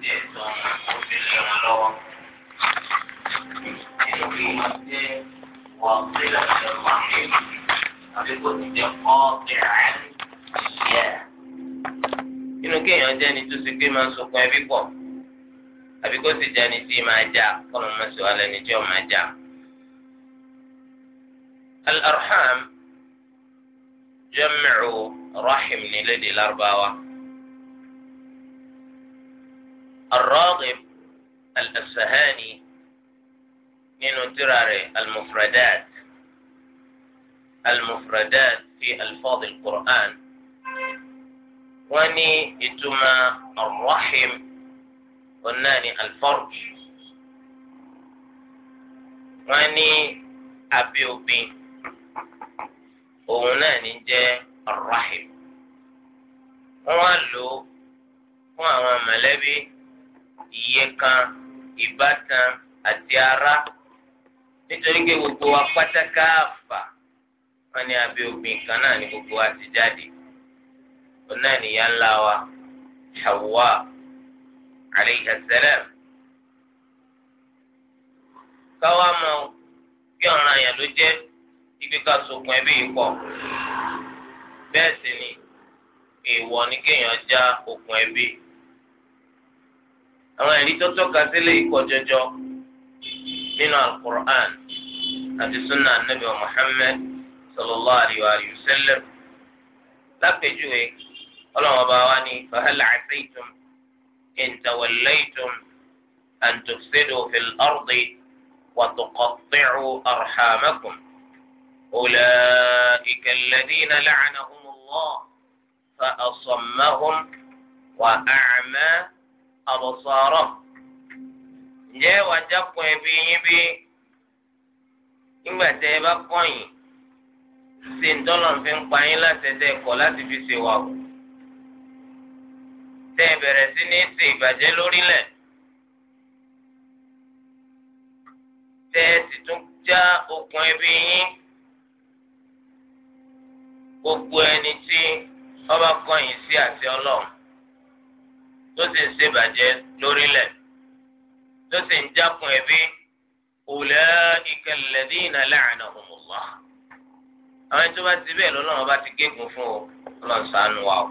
ti ẹ̀tọ́ òfìlẹ̀ wọn lọ́wọ́. Nínú kí wọ́n jẹ́ wọ́n sílẹ̀ ṣe wọ́n ní àbí kò ti jẹ́ kọ́ ìrẹ́ yẹ. Nínú kí èèyàn jẹ́ ni tó ṣe pé máa ń sọkún ẹbí pọ̀ àbí kó sì jẹ́ ni tí máa já kọ́nà máa ṣe wà lẹ́ni tí ó máa já. Al-arham jẹ́ mẹ́rù rahim الراغب الأسفهاني من ترار المفردات المفردات في ألفاظ القرآن وني إتما الرحم وناني الفرج وني أبي بي وناني جاء الرحم wọn وعوام fún iye kan ìbátan àti ará nítorí pé gbogbo wa pátákáàfà wọn ni abẹ obìnrin kan náà ni gbogbo wa ti jáde òun náà nìyá ńlá wa Hawa alayhi salam káwa mọ bí ọ̀ràn àyàn ló jẹ́ ibi ká sokùn ẹbí yìí pọ̀ bẹ́ẹ̀ sì ni èèwọ̀ ni kéèyàn já okùn ẹbí. àwọn ẹ̀rí tó tọ́ka sílẹ̀ ikọ̀ jọjọ nínú alukur'an àti sunna anabi muhammed sallallahu alayhi wa sallam lápẹjúwe ọlọ́wọ́n bá wá ní fahal asaytum in tawallaytum an tufsidu fil ardi wa tuqatti'u arhamakum ulaika alladhina la'anahum allah fa asammahum wa a'ma. àbọ̀sọ̀rọ̀ ǹjẹ́ wàá jápọ̀ ẹbí yín bí nígbà tẹ́ ẹ bá kọ̀yìn ṣe ń tọ́lọ̀ fi ń pa yín láti ẹ̀dẹ́ ẹ̀kọ́ láti fi ṣe wà o tẹ́ ẹ bẹ̀rẹ̀ sí ní ṣe ìbàjẹ́ lórílẹ̀ tẹ́ ẹ sì tún já okùn ẹbí yín gbogbo ẹni tí ọba kọ̀yìn sí àti ọlọ́run. tó sì ń ṣèbàjẹ́ lórílẹ̀ tó sì ń jákun ẹbí ulaika alladhina la'anahumullah àwọn ẹni tó bá ti bẹ́ẹ̀ lọ́lọ́run bá ti gégùn fún ọ lọ́n sànù wa o.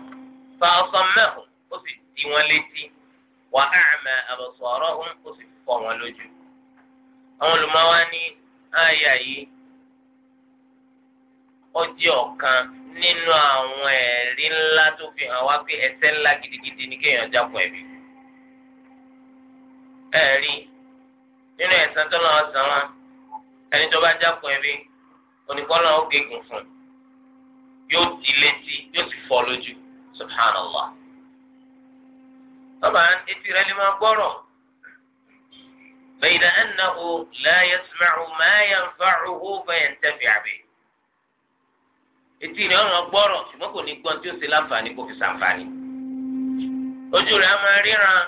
fa asammahum ó sì di wọn létí wa a'ma absarahum ó sì fọ́ wọn lójú. àwọn olùmọ̀wá ní àyà yìí ó jẹ́ ọ̀kan. nínú àwọn ẹ̀rí ńlá tó fi hàn wá pé ẹ̀ṣẹ̀ ńlá gidigidi ni kéèyàn jákun ẹ̀bí. ẹ̀rí nínú ẹ̀san tó lọ́wọ́ san wá ẹni tó bá jákun ẹ̀bí oníkọ́lọ́ ó gégùn fún un yóò di létí yóò sì fọ́ lójú subhanallah. طبعا etí rẹ̀ lè máa أنه لا يسمع ما ينفعه فينتفع به etí ni ọ̀ràn gbọ́rọ̀ ṣùgbọ́n kò ní gbọ́n tí ó ṣe láǹfààní kò fi ṣàǹfààní ojú rẹ̀ á máa ríran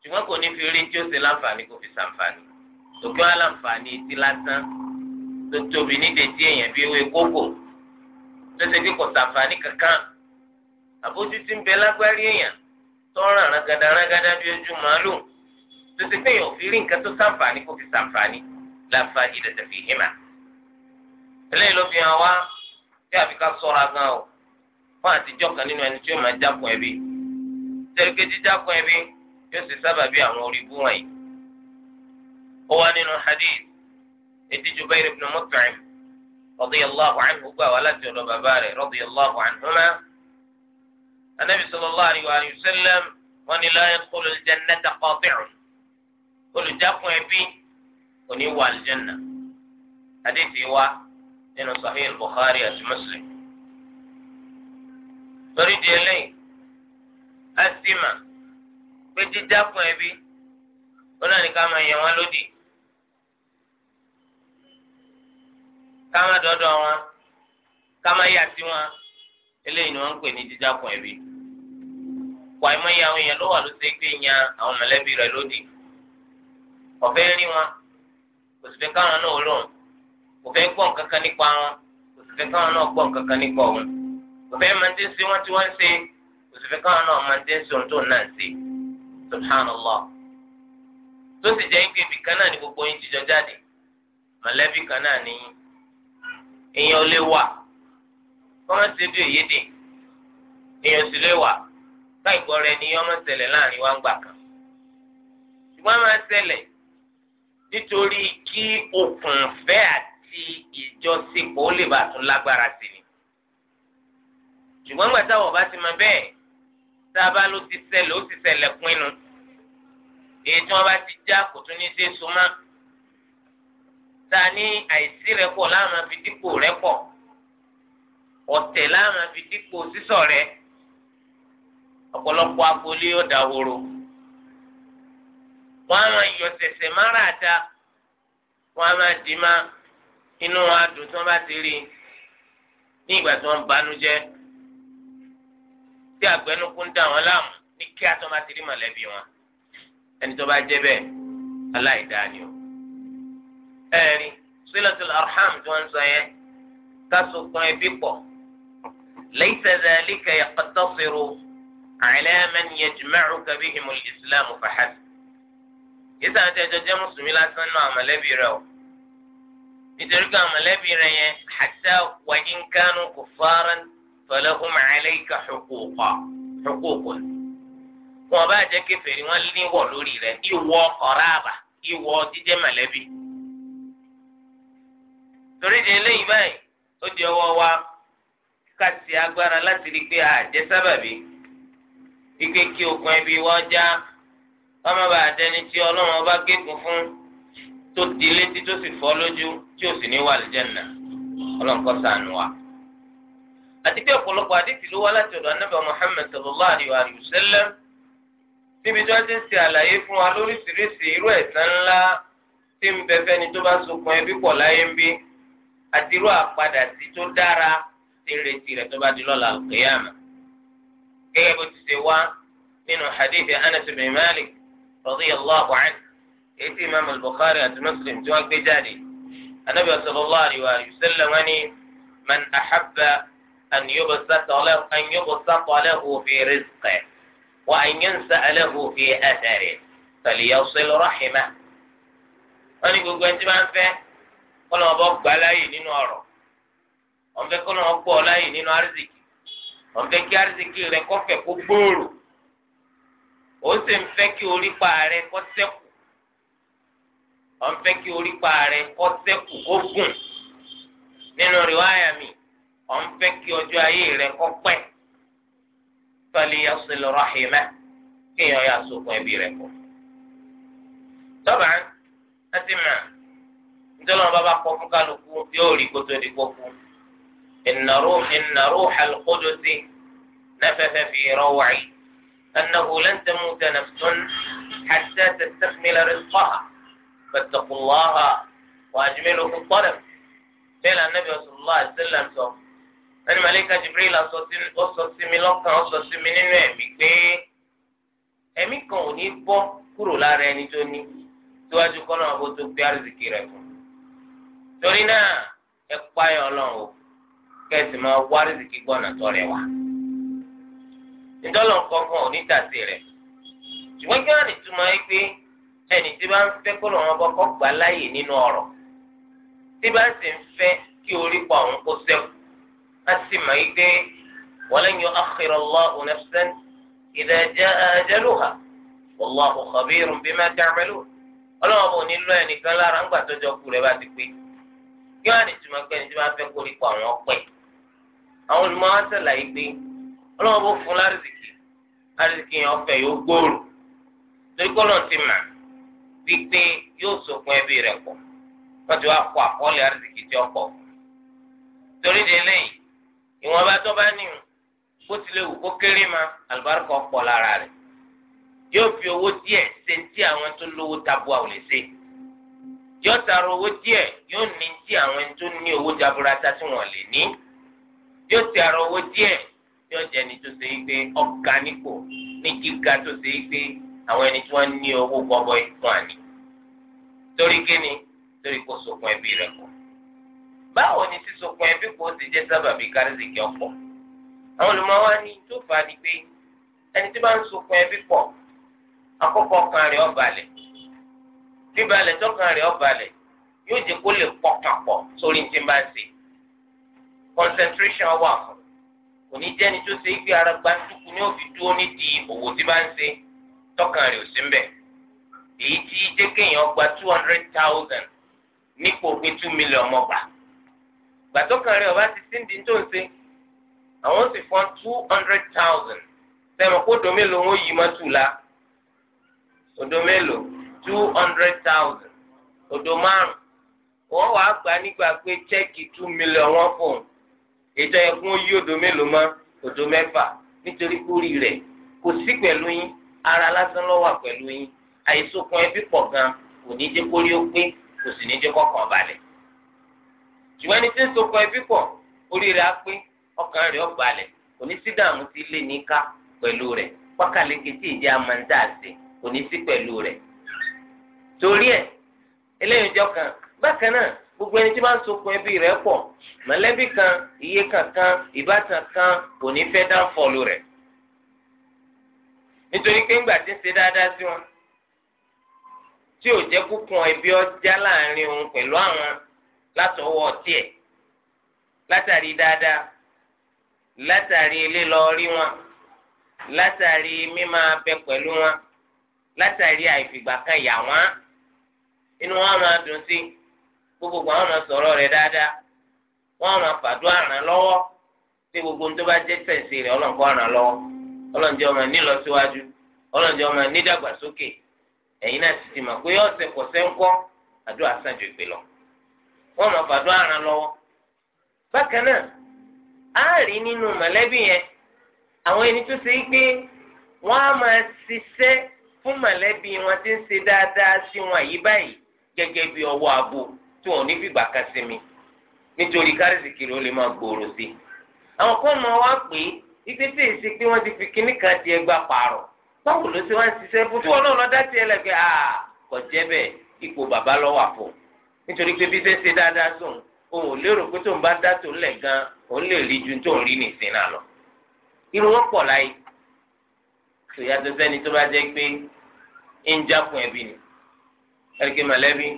ṣùgbọ́n kò ní fi rí tí ó ṣe láǹfààní kò fi ṣàǹfààní tòkí wá láǹfààní etí lásán tó tóbi nídìí tí èèyàn bí ewé kókò tó ṣe pé kò ṣàǹfààní kankan àbójú ti ń bẹ lágbárí èèyàn tó ràn bí ojú màálù tí àfi ká sọ́ra gan o fún àtijọ́ kan nínú ẹni tí ó máa jápọ̀ ẹbí tẹ̀lé kejì jápọ̀ ẹbí yóò sì sábàbí àwọn orí bú wọ̀nyí. ó wá nínú hadith etí Jubair ibn Mut'im radiyallahu anhu gbà wá láti ọ̀dọ̀ bàbá rẹ̀ radiyallahu anhuma. anabi sallallahu alayhi wa sallam wọn ni la yadkhulu al-jannata qati'un olùjápọ̀ ẹbí kò ní wà al hadith yìí wá. nínú Sahih Bukhari àti Muslim torí di eléyìí asima pé dídákun ẹbí ó náà ní ká máa wọn lódì ká má dọdọ wọn ká má wọn eléyìí ni wọn ń pè ní dídákun ẹbí wàá àwọn èèyàn ló wà ló ṣe pé àwọn lódì rí wọn kò kò fẹ́ gbọ́ nǹkan nípa wọn kò sì fẹ́ káwọn náà nípa òun kò fẹ́ máa ti ń ṣe wọ́n tí wọ́n ń ṣe kò sì fẹ́ káwọn náà máa ti ń ohun tó náà subhanallah tó sì ni gbogbo yín jíjọ jáde mọ̀lẹ́bí kan náà ni èèyàn ò lè wà fi ìjọsìnpọ̀ ó lè bá tún lágbára sí ni. ṣùgbọ́n nígbà táwọn bá ti mọ bẹ́ẹ̀ tá a bá ló ti ṣẹlẹ̀ ó ti ṣẹlẹ̀ pinnu èyí tí wọ́n bá ti já kò tún ní ṣe é súnmọ́ ta ní àìsí rẹ pọ̀ láàmú fi dípò rẹ pọ̀ ọ̀tẹ̀ láàmú fi dípò sísọ̀ rẹ ọ̀pọ̀lọpọ̀ agboolé ọ̀dà horo wọ́n á máa yọ sẹ̀sẹ̀ márààta wọ́n á máa dì máa inú wọn adùn tí wọn bá ti rí ní ìgbà tí wọn banú jẹ́ tí àgbẹnukú ń dà wọn láàmú ní kí àtọ́ bá ti rí mọ̀lẹ́bí wọn ẹni tó bá jẹ́ bẹ́ẹ̀ aláìdáa ni o. ẹ̀rí sílẹ̀tìlẹ̀ arham tí wọ́n ń sọ yẹn kásòkan ẹbí pọ̀ lẹ́yìn tẹ̀lé alíkẹ́ yàtọ̀ sírò àìlẹ́mẹ́ ni yẹjùmẹ́rù kàbí ìmọ̀ ìsìlámù fàhásì. yíṣà ń tẹ́jọ jẹ́ mùsùlùmí lásán náà mọ̀lẹ́bí rẹ̀ o. nítorí pé àwọn mọ̀lẹ́bí rẹ̀ yẹn wa in kanu kuffaran falahum alayka huquqa huququn wọn bá jẹ́ kèfèrí wọn níwọ̀ lórí rẹ̀ ìwọ qaraba ìwọ jíjẹ́ mọ̀lẹ́bí torí de eléyìí báyìí ó di ọwọ́ wa ká ti agbára láti rí i pé àjẹ́ sábàbí ike kí ẹbí já má bàa dẹni tí ọlọ́run ọba gégùn tó di létí tó sì fọ́ lójú tí ò sì ní wà lìjẹ́nà ọlọ́nkọ́ sànù wa. àti pé ọ̀pọ̀lọpọ̀ àdìsí ló wá láti ọ̀dọ̀ anábẹ́ Muhammad sallallahu alayhi wa sallam níbi tí wọ́n ti ń ṣe àlàyé fún wa lóríṣiríṣi irú ẹ̀san ńlá tí ń bẹ fẹ́ni tó bá sokun ẹbí pọ̀ láyé ń bí àti irú àpadà sí tó dára ti retí rẹ̀ tó bá di lọ́la al gẹ́gẹ́ bó ti ṣe wá nínú hadith Anas bin Malik radiyallahu ètí imam al-bukhari àti muslim tí wọ́n gbé jáde anabi sallallahu alayhi wa sallam wọ́n ní man ahabba an yubsata lahu fi rizqihi wa an yunsa'a lahu fi atharihi falyasil rahimahu wọ́n ní gbogbo ẹni tí wọ́n fẹ́ kọ́nà ọba gbà láàyè nínú ọ̀rọ̀ wọ́n fẹ́ kọ́nà ọba gbọ́ láàyè nínú arzikì wọ́n fẹ́ kí arzikì rẹ kọ́fẹ̀ kó gbòòrò ó sì ń fẹ́ kí orípa rẹ kọ́ sẹ́kù wọ́n fẹ́ kí orípa rẹ̀ kọ́ sẹ́kù kó gùn nínú rìwáyà mi wọ́n fẹ́ kí ọjọ́ ayé rẹ̀ kọ́ pẹ́ falyasil rahimah kéèyàn yà sókun ẹbí rẹ̀ kọ́. tọ́ba ẹ ti mọ̀ nítorí wọn bá bá kọ́ fún kálukú yóò rí kótó di kókó ìnàró ìnàró al-qudusi nafatha fi raw'i annahu lan tamuta nafsun hatta tastakmila rizqaha. فاتقوا الله وأجملوا في الطلب سيلا النبي صلى الله عليه وسلم سو ملك جبريل أصوصي ملوكا أصوصي من نوعي ẹ̀mí kan ò ní bọ́ kúrò lára ẹni tó ní síwájú kọ́nà àbò tó gbé àrísìkì rẹ̀ fún un. torí náà ẹ páyọ̀ ọlọ́run o kẹ́sì máa wá àrísìkì gbọ́nà tó rẹ̀ wá. ìdọ́lọ̀ kọ̀ọ̀kan ò ní tàsí rẹ̀ ṣùgbọ́n kí wọ́n á nìtumọ̀ ẹ pé ẹni tí bá ń fẹ́ kó lọ́wọ́ bọ́ kọ́ gbà láàyè nínú ọ̀rọ̀ tí bá ń sì ń fẹ́ kí orí pa òun kó sẹ́kù á sì mọ̀ yí pé walan yu'akhkhira Allahu nafsan idha jaa ajaluha wallahu khabirun bima ta'malun ọlọ́wọ́ bò ní lọ ẹnìkan lára ńgbà tọ́jọ́ kú rẹ̀ bá ti pé kí wọ́n á ní tìmọ̀ pé ẹni tí bá ń fẹ́ kó orí pa òun ọ̀pẹ́ àwọn olùmọ̀ wá wípé yóò sokun ẹbí rẹ̀ pọ̀ wọ́n ti wá kó àkọọ́lẹ̀ àrísìkì tí ó pọ̀ torí de lẹ́yìn ìwọ̀nba tó bá ní bó tilẹ̀ wù kó kéré ma àlùbáríkà pọ̀ lára rẹ̀ yóò fi owó díẹ̀ ṣe ti àwọn tó lówó tabua ò lè ṣe yóò tara owó díẹ̀ yóò ní ti àwọn tó ní owó jaburata tí wọ́n lè ní yóò tara owó díẹ̀ yóò jẹ́ ẹni tó ṣe é pé ọ̀gá nípò ní kíga tó ṣe é pé àwọn ẹni tí wọ́n ní owó gbọ́gbọ́ ìfún àní torí kíni torí kó sokun ẹbí rẹ̀ pọ̀ báwo ni sísokun ẹbí kò ti jẹ́ sábàbí kárìsìkì ọ̀pọ̀ àwọn olùmọ̀wá ni tó fà á ni pé ẹni tí bá ń sokun ẹbí pọ̀ àkọ́kọ́ kan rẹ̀ ó balẹ̀ bíbalẹ̀ tọ́kàn rẹ̀ ó balẹ̀ yóò jẹ́ kó lè pọkàn pọ̀ sórí tí n bá concentration wà fún kò ní jẹ́ni tó ṣe é gbé ara gbáǹdùkú ní òfin dúró nídìí òwò tí bá ń ṣe tọ́kàn rẹ̀ ò sí mbẹ̀ èyí tí jẹ́ kéèyàn gba two hundred thousand nípò pé two million mọ́gbà gbàtọ́kàn rẹ̀ ọba ti síndí tó ń ṣe àwọn sì fọ́n two hundred thousand sẹ́wọ̀n kó domi ló ń yí mọ́tò la odo mélòó two hundred thousand odo márùn wọ́n wàá gbà nígbà pé chẹ́ẹ̀kì two million wọ́n fún un ètò ẹ̀kún yí odo mélòó mọ́ odo mẹ́fà nítorí kúrì rẹ̀ kò sí pẹ̀lú yín ara lásán ló wà pẹ̀lú yín àìsókun ẹbí pọ̀ gan kò ní jẹ́ kórí ó pé kò sì ní jẹ́ kọ́kàn balẹ̀ ṣùgbọ́n ẹni tí ń sokun ẹbí pọ̀ orí rẹ̀ á pé ọkàn rẹ̀ ó balẹ̀ kò ní sí dààmú tí lè ní ká pẹ̀lú rẹ̀ pákàlẹ́kẹ̀ tí ìjẹ́ amandáàsì kò ní sí pẹ̀lú rẹ̀ torí ẹ̀ eléyìí jọ kan bákan náà gbogbo ẹni tí bá ń sokun ẹbí rẹ̀ pọ̀ mọ̀lẹ́bí kan iye kankan ìbátan kan kò ní fẹ́ dáńfọ̀lù rẹ̀ nítorí pé ń tí o je kúkún ẹbí ọjà láàrin òun pẹ̀lú àwọn látọwọ́ tiẹ̀ látàrí dáadáa látàrí lílọ wọn látàrí mímá bẹ pẹ̀lú wọn látàrí àìfìgbà kan yà wọn inú wọn máa dùn sí gbogbo àwọn máa sọ̀rọ̀ dáadáa wọn máa fàdúrà ràn lọ́wọ́ gbogbo ń tó bá jẹ́ ọlọ́nkọ́ lọ́wọ́ ọlọ́njẹ́ ọmọ nílọsíwájú ọlọ́njẹ́ ọmọ nídàgbàsókè. Eyi náà ti ti pé ọ̀sẹ̀ kọ̀sẹ̀ ń ju ìpè lọ wọ́n mọ̀ fàdúrà ràn lọ́wọ́ bákan náà a rí nínú mọ̀lẹ́bí yẹn àwọn ẹni tó ṣe pé wọ́n á máa fún mọ̀lẹ́bí wọn ti ń ṣe dáadáa sí wọn yìí báyìí gẹ́gẹ́ bí ọwọ́ abo tí wọn ò ní kan sí mi nítorí lè máa gbòòrò sí i àwọn kan máa wá pé báwo ló ṣe wá ṣiṣẹ́ fún tí wọn náà lọ dá tiẹ̀ lẹ́gbẹ̀ẹ́ à kò jẹ́ bẹ́ẹ̀ ipò bàbá lọ wà fún nítorí pé bí ṣe ṣe dáadáa sóun òun ò lérò pé tóun bá dá tóun lẹ̀ gan òun lè rí ju tóun rí nìsín náà lọ irú wọn pọ̀ láyé tòyàtọ̀ sẹ́ni tó bá jẹ́ pé ń já fún ẹbí ni ẹ̀ríkì mọ̀lẹ́bí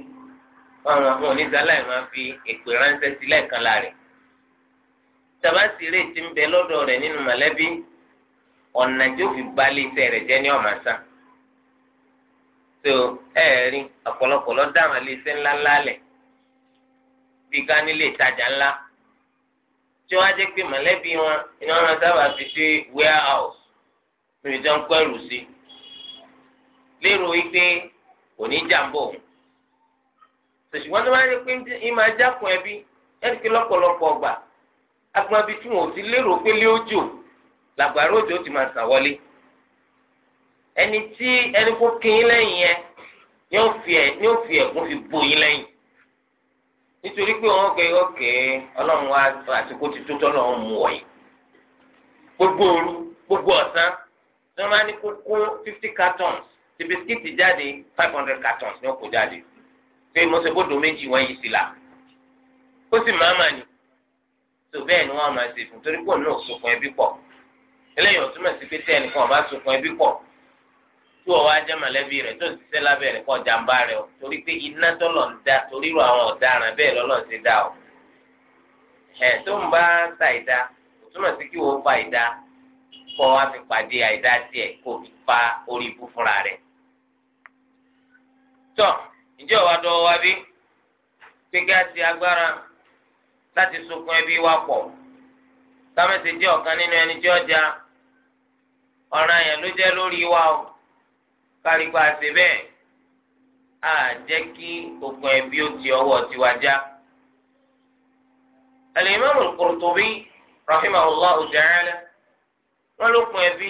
wọn àwọn oníṣàlàyé máa fi èpè ránṣẹ́ sílẹ̀ kan láàrin tàbá sì rèé ti ń bẹ lọ́dọ̀ rẹ̀ nínú mọ̀lẹ́bí ọ̀nà tí ó fi balẹ̀ iṣẹ́ rẹ̀ jẹ́ ní ọ̀mà sá tó ẹ rí ọ̀pọ̀lọpọ̀ lọ dáhùn ilé iṣẹ́ ńlá ńlá bí ká ìtajà ńlá tí wọ́n á jẹ́ pé mọ̀lẹ́bí wọn iná wọn sábà fi dé warehouse níbi tí wọ́n ń pẹ́rù sí lérò wípé kò ní jàǹbọ̀ ṣùgbọ́n tó bá yẹ pé ìmọ̀ ajákun ẹbí ẹ̀ lọ́pọ̀lọpọ̀ gbà agbọ̀n bíi tí wọn ò ti lérò pé lé ó jò làgbàrá òjò ti máa sàn wọlé ẹni tí ẹni kó kín lẹ́yìn yẹn ni ó fi ẹ̀ ni ó fi ẹ̀gún fi bo yín lẹ́yìn nítorí pé wọn kẹ ọkẹ ọlọ́run wa àsìkò ti tó tọ́lọ́run mú ọ yìí gbogbo òru gbogbo ọ̀sán tí wọ́n máa ní kókó fifty cartons ti bisikíìtì jáde five hundred cartons ni ó kó jáde pé mọ́sẹ̀bọ́dọ̀ méjì wọ́n yìí sí la ó sì máa mà ní tó bẹ́ẹ̀ ni wọ́n máa ṣe fún torí pé òun náà sọ fún ẹbí pọ̀ eléyìí ò túmọ̀ sí pé tí ẹnìkan ọba sunkún ẹbí pọ̀ tí wọ́n wá jẹ́ mọ̀lẹ́bí rẹ̀ tó ń ṣiṣẹ́ lábẹ́ rẹ̀ kọ́ jàǹbá rẹ̀ o torí pé iná tọ́lọ̀ ń da torí ru àwọn ọ̀daràn bẹ́ẹ̀ lọ́lọ́ ti dá o ẹ̀ tó ń bá ta ìdá ò sí kí wọ́n pa ìdá kọ́ wá fi pàdé àìdá tiẹ̀ kó fi pa orí ibú fúnra rẹ̀ tọ́ ǹjẹ́ ọ̀wá dọ́wọ́ wá bí pé ká agbára láti sunkún ẹbí wa pọ̀ kámẹ́sì jẹ́ ọ̀kan nínú ẹni tí ọjà ọ̀ràn yẹn ló jẹ́ lórí wa o kárígbá ṣe bẹ́ẹ̀ á jẹ́ kí okùn ẹbí ó ti ọwọ́ tiwa já. Al-Imam Al-Qurtubi rahimahullah ta'ala wọn lókun ẹbí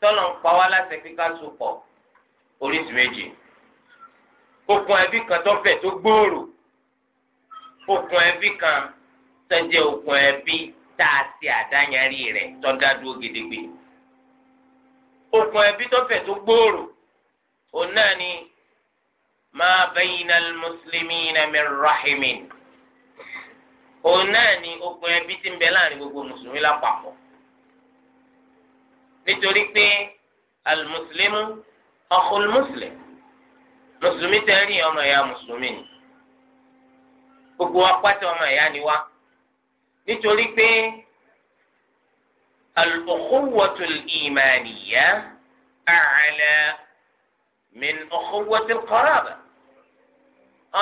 tọ́lọ̀ ń pa wá láti kíká sopọ̀ oríṣi méjì okùn ẹbí kan tó fẹ̀ tó gbòòrò okùn ẹbí kan tó okùn ẹbí tá a ṣe àdáyanrí rẹ̀ tó ń dádúró gedegbe. okùn ẹbí tó fẹ̀ tó gbòòrò òun náà ni ma bayna al-muslimina min rahimin òun náà ni okùn ẹbí tí ń bẹ láàrin gbogbo mùsùlùmí lápapọ̀ nítorí pé al-muslimu akhul muslim mùsùlùmí tẹ́rì ọmọ ẹ̀yà mùsùlùmí ni gbogbo apáta ọmọ ẹ̀yà ni wá nítorí pé al-ukhuwatu al-imaniyya a'la min ukhuwati al-qaraba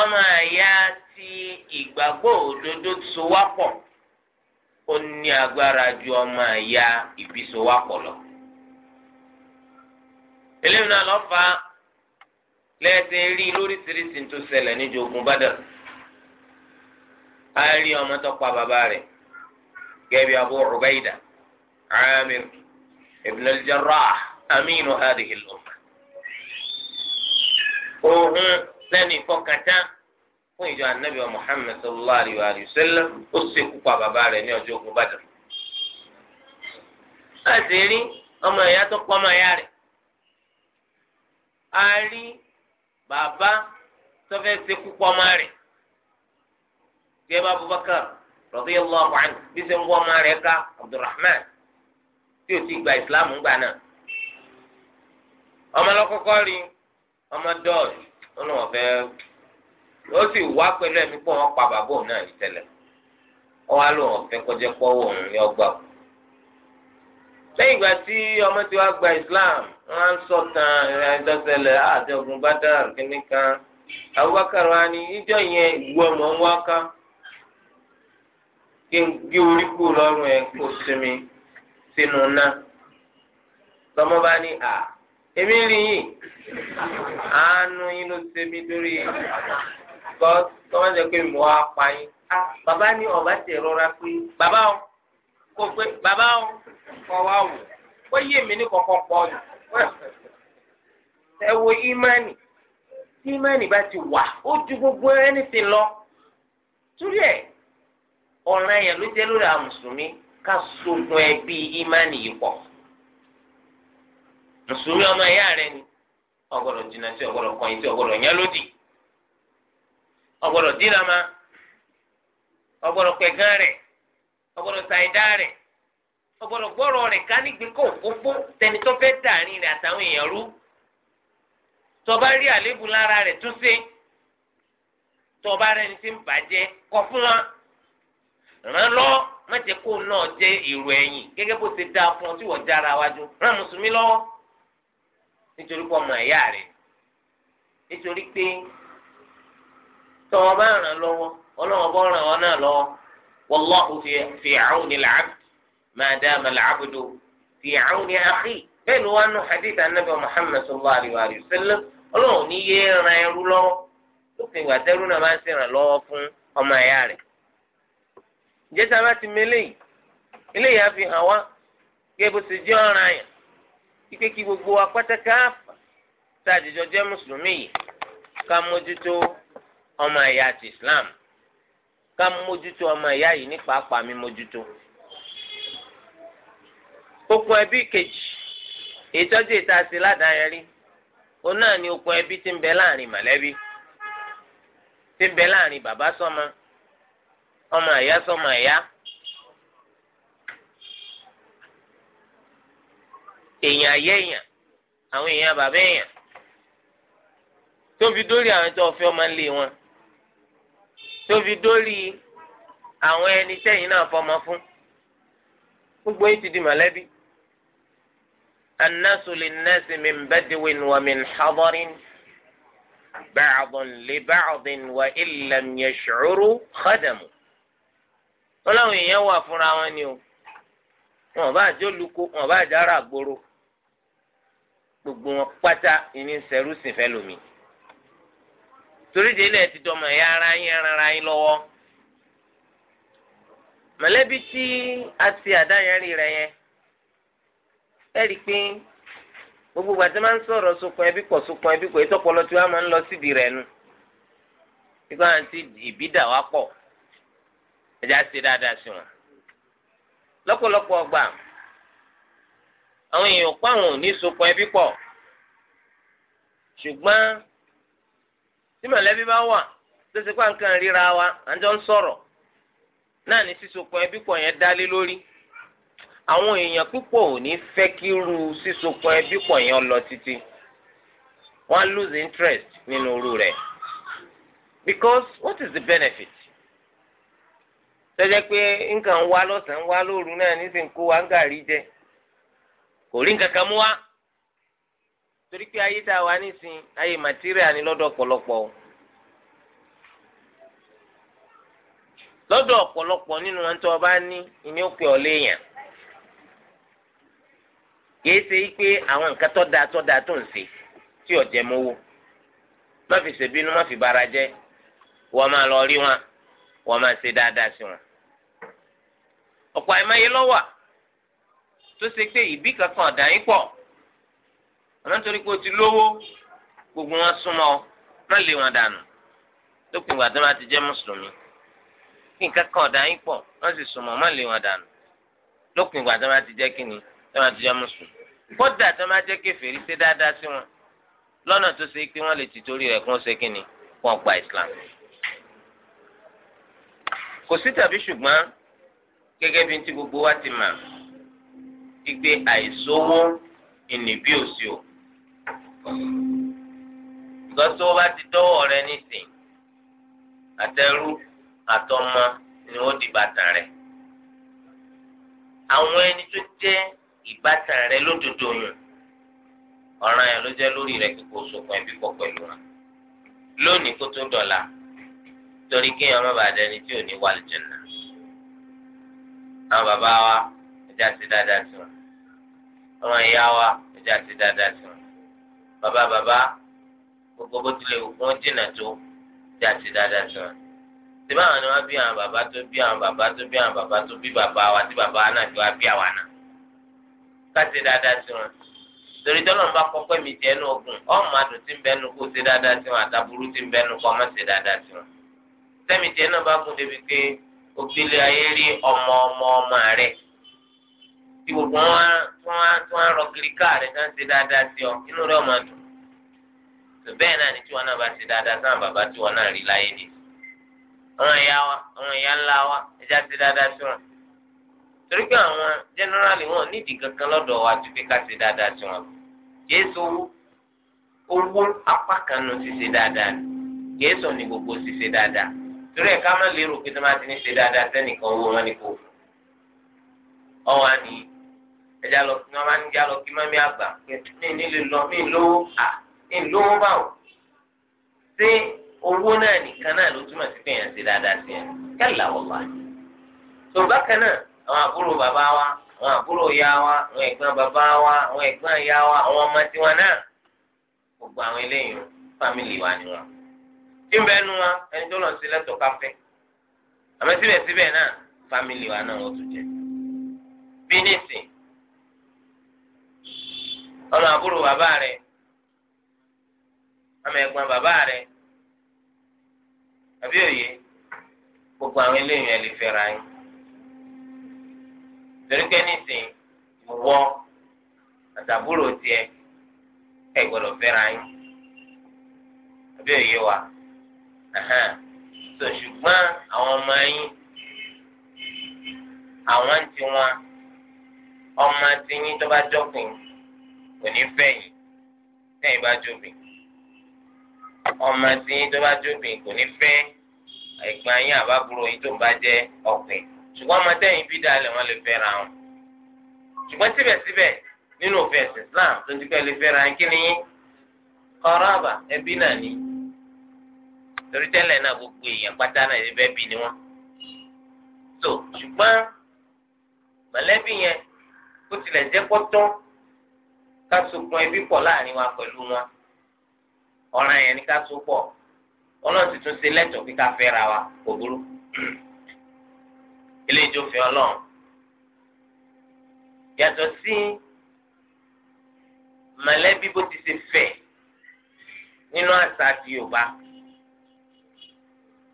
ọmọ ẹ̀yà ti ìgbàgbọ́ òdodo sowápọ̀ ó ní agbára ju ọmọ ẹ̀yà ìbí sowápọ̀ lọ. eléyìí náà lọ fa lẹ́ẹ̀tẹ̀ rí lóríṣiríṣi tó ṣẹlẹ̀ níjọ́ ogun Badr. a rí ọmọ tó pa bàbá rẹ̀ gẹ́gẹ́ abu ubaida amir ibn al-jarrah aminu hadhihi al-umma. òhun lẹ́nu ìfọkàntán fún ìjọ anabi wa muhammed sallallahu alayhi wa sallam ó sì kú pa bàbá rẹ̀ ní ọjọ́ ogun Badr. láti rí ọmọ ìyá tó pọ́ ọmọ ìyá rẹ̀ a rí bàbá tó fẹ́ ṣekú pa ọmọ rẹ̀ gẹ́gẹ́ bá Abubakar. radiyallahu anhu bí ṣe ń wọ́ ọmọ rẹ̀ ká abdulrahman tí o ti gba islam gbà náà ọmọ lọ́kọ́kọ́ rí ọmọ dọ́ọ̀lù ó lọ́wọ́ fẹ́ ó sì wá pa bàbá náà ìtẹ̀lẹ̀ ó wá lóun kọjá pọ́wọ́ òun lẹ́yìn ìgbà tí ọmọ ti wá gba wọ́n á ń sọ ah, abubakar wa ni ìjọ yẹn ọmọ kí n gé orí kú lọ́rùn ẹ̀ kó sinmi sínú ná lọ́mọ bá ní à èmi rí yìí àánú yín ló ṣe mí lórí gbọ́ tọ́wọ́ jẹ́ pé mo á pa yín bàbá ní ọba tẹ rọra pé bàbá o kò pé bàbá o kọ wá wò ó yé mi ní kọ̀kọ́ pọ̀ jù ẹ wo ìmánì tí bá ti wà ó ju gbogbo ẹni ti lọ torí ọ̀ràn yẹn ló jẹ́ lórí àwọn mùsùlùmí ká sogun ẹbí ìmánì yìí pọ̀ mùsùlùmí ọmọ rẹ ni ọgbọ́dọ̀ jìnnà sí ọgbọ́dọ̀ kọ̀yìn sí ọgbọ́dọ̀ yẹn lódì ọgbọ́dọ̀ dínà máa ọgbọ́dọ̀ pẹ̀gàn rẹ̀ ọgbọ́dọ̀ ṣàìdá rẹ̀ ọgbọ́dọ̀ gbọ́rọ̀ rẹ̀ ká nígbè kó òfófó tẹni tó fẹ́ dàrin rẹ̀ àtàwọn èèyàn rú tọba rí tọba rẹ̀ ní ti ń bàjẹ́ ràn lọ má jẹ́ kó náà jẹ́ èrò ẹ̀yìn gẹ́gẹ́ bó ṣe dáa fún ọ tí wọ́n jára wájú ràn mùsùlùmí lọ́wọ́ nítorí pé ọmọ ẹ̀yà rẹ̀ nítorí pé tọ́wọ́ bá ràn lọ́wọ́ ọlọ́wọ́ bá ràn ọ́ náà lọ́wọ́ wallahu fi auni al-abd ma dama al-abdu fi auni akhi bẹ́ẹ̀ ló wá nù hadith anabi muhammad sallallahu alayhi wa sallam ọlọ́wọ́ ní yé ràn ẹrú lọ́wọ́ lópin ìgbà tẹ́rú náà máa ń ṣèrànlọ́wọ́ fún ọmọ ẹ̀yà rẹ̀ ìjẹta bá ti mélé yìí eléyìí á fi hàn wá gẹ́gẹ́ bó ti jẹ́ ọ̀ràn àyàn ike kí gbogbo wa pátákáàfà tá a dìjọ jẹ́ mùsùlùmí yìí ká mójútó ọmọ ẹ̀yà àti Islam ká mójútó ọmọ ẹ̀yà yìí ní pàápàá mi mójútó. okùn ẹbí kejì ìtọ́jú ìta sí rí òun náà ni okùn ẹbí ti ń bẹ láàrin mọ̀lẹ́bí ti ń bẹ láàrin bàbá sọ́mọ. So ọmọ ẹ̀yá sọmọ ẹ̀yá èèyàn ayé èèyàn àwọn èèyàn bàbá èèyàn tó fi dórí àwọn tó fẹ́ ọmọ ńlẹ̀ wọn tó fi dórí àwọn ẹni tẹ́yìn náà fọmọ fún gbogbo yìí ti di mọ̀lẹ́bí. الناس للناس من بدو ومن حضر بعض لبعض وإن لم يشعروا خدموا wọn láwọn èèyàn wà fúnra wọn ni o wọn bá àjọ luko wọn bá àjọ ara àgbòrò gbogbo wọn pátá ìní sẹrú sì fẹ lómi torí délé ti dọmọ ẹ̀yà ara yín ara yín lọ́wọ́ mọ̀lẹ́bí tí a ti àdáyẹrí rẹ yẹn ẹ rí i pé gbogbo gbàtí máa ń sọ̀rọ̀ sokun ẹbí pọ̀ sokun ẹbí pọ̀ ètò ọpọlọ tí wọ́n máa ń lọ síbi rẹ̀ nu nígbà tí ìbí dà wá pọ̀ ẹjẹ á ṣe dáadáa sí wọn lọ́pọ̀lọpọ̀ ọgbà àwọn èèyàn pa àwọn òní sopọ̀ ẹbí pọ̀ ṣùgbọ́n tí mọ̀lẹ́bí bá wà tó ṣe pé nǹkan ríra wa à ń jọ ń sọ̀rọ̀ náà ní sísopọ̀ ẹbí pọ̀ yẹn dálé lórí àwọn èèyàn púpọ̀ ò ní fẹ́ kírú sísopọ̀ ẹbí pọ̀ yẹn lọ títí wọ́n lose interest nínú irú rẹ̀ because what is the benefit? tọ́jà pé nǹkan ń wá lọ́sàn-án wá lóru náà nísìn kó wa ń gàrí jẹ kò rí nǹkan kan mú wa torí pé ayé tá a wà nísìn ayé màtíríà ni lọ́dọ̀ ọ̀pọ̀lọpọ̀ o lọ́dọ̀ ọ̀pọ̀lọpọ̀ nínú wọn tó o bá ní ìní òkè ọ̀pọ̀ àìmọye lọ́wà tó ṣe pé ìbí kankan ọ̀dà yín pọ̀ àmọ́ nítorí pé o ti lówó gbogbo wọn súnmọ́ ọ má lé wọn dànù lópin ìgbà tó bá ti jẹ́ mùsùlùmí kí nǹkan kan ọ̀dà yín pọ̀ wọ́n sì súnmọ́ má lé wọn dànù lópin ìgbà tó bá ti jẹ́ kíni tó bá ti jẹ́ mùsùlùmí kódà tó bá jẹ́ kèfèrí ṣe dáadáa sí wọn lọ́nà tó ṣe pé wọ́n lè ti torí rẹ̀ kún ṣe kíni wọ́n gba gẹ́gẹ́ bí ti gbogbo wa ti mà gbígbé àìsówó ìnìbí òsì o nǹkan tó bá ti dọ́wọ́ rẹ nísìn àtẹrú àtọmọ ni wọ́n di bàtà rẹ àwọn ẹni tó jẹ́ ìbátan rẹ lódodo yàn ọ̀ràn yẹn ló jẹ́ lórí rẹ kíkó sokùn ẹbí pọ̀ pẹ̀lú wọn lónìí kó tó dọ̀la torí kéèyàn má bàa dẹni tí ò ní wà lìjẹ̀nà àwọn bàbá wa ẹjẹ àti dáadáa sí wọn àwọn ìyá wa ẹjẹ àti dáadáa sí wọn bàbá bàbá gbogbo bó tilẹ̀ òkun jìnnà tó ẹjẹ àti dáadáa sí wọn síbí àwọn ni wọn bí àwọn bàbá tó bí àwọn bàbá tó bí àwọn bàbá tó bí bàbá wa tí bàbá náà fi wá bí àwa náà ká ṣe dáadáa sí wọn torí tọ́lọ́mù bá kọ́kọ́ mi jẹ́ inú ogun ọ̀hún máa dùn tí ń bẹ́nu kó ṣe dáadáa sí wọn àtàbúrú tí ń bẹ́nu kọ́ ọmọ ṣe dáadáa sí sẹ́mi jẹ́ náà bá kún débi pé ògbélé ayé rí ọmọ ọmọ ọmọ rẹ tí gbogbo wọn wọn wọn rọ kiri káà rẹ tán ṣe dáadáa sí ọ inú rẹ ọmọ dùn tó bẹ́ẹ̀ náà ni tí wọn náà bá ṣe dáadáa sáwọn bàbá tí wọn náà rí láyé ni àwọn ìyá wa àwọn ìyá ńlá wa ẹja ṣe dáadáa sí wọn torí pé àwọn jẹnẹrálì wọn nídìí kankan lọ́dọ̀ wa ju pé ká ṣe dáadáa sí wọn kìí sowó owó apá kan nù ṣiṣẹ́ dáadáa kìí sọ ní gbogbo ṣiṣẹ́ dáadáa torí ẹ̀ ká má lérò pé tó máa ti ní ṣe dáadáa sẹ́nìkan owó wọn ni kò fún ọwọ́ àní ẹja lọ kí wọn máa ń já lọ kí mọ́mí àgbà pé mí nílé lọ mí lówó à mí lówó báwò ṣé owó náà nìkan náà ló túmọ̀ sí pé èèyàn ṣe dáadáa sí ẹ̀ kẹ́lá wọ̀ wá. tó bákan náà àwọn àbúrò bàbá wa àwọn àbúrò ìyá wa àwọn ẹ̀gbọ́n bàbá wa àwọn ẹ̀gbọ́n ìyá wa àwọn ọmọ tiwọn náà gbogbo àwọn eléyìí fámìlì wa ni wọn. ìmọ̀ enu wa ẹni tó lọ sí lẹ́tọ̀ káfẹ́ àmọ́ síbẹ̀síbẹ̀ náà fámìlì wa náà wọ́n tún jẹ. bí ọmọ àbúrò bàbá rẹ ọmọ ẹ̀gbọ́n bàbá rẹ àbí òye gbogbo àwọn eléyìí ẹ lè fẹ́ra yín torí pé nísìn ìwọ wa. sọ ṣùgbọ́n àwọn ọmọ yín àwọn ń ti wọn ọmọ tí yín tó bá jọ́pin kò ní fẹ́ yín tẹ́yìn bá jóbìn ọmọ tí yín tó bá jóbìn kò ní fẹ́ ẹ̀gbọ́n yín àbábúrò yín tó ń bá jẹ́ ọ̀pìn ṣùgbọ́n ọmọ tẹ́yìn bí dalẹ̀ wọn lè fẹ́ra wọn ṣùgbọ́n síbẹ̀síbẹ̀ nínú òfin ẹ̀sìn Islam tó ti pẹ́ lè fẹ́ra yín kí ni yín kọ́ra àbà ẹbí náà ni torí tẹ́lẹ̀ náà gbogbo èèyàn pátá náà ẹbí bẹ́ẹ̀ bí ni wọ́n. so ṣùgbọ́n mọ̀lẹ́bí yẹn ó tilẹ̀ jẹ́ pọ́tọ́ ká sokun ẹbí pọ̀ láàrin wa pẹ̀lú wọn ọ̀ràn yẹn ni ká so pọ̀ ọlọ́run ti tún ṣe lẹ́tọ̀ọ́ kí ká fẹ́ra wa kò burú ilé ìjọfin ọlọ́run yàtọ̀ sí mọ̀lẹ́bí bó ti ṣe fẹ̀ nínú àṣà àti yorùbá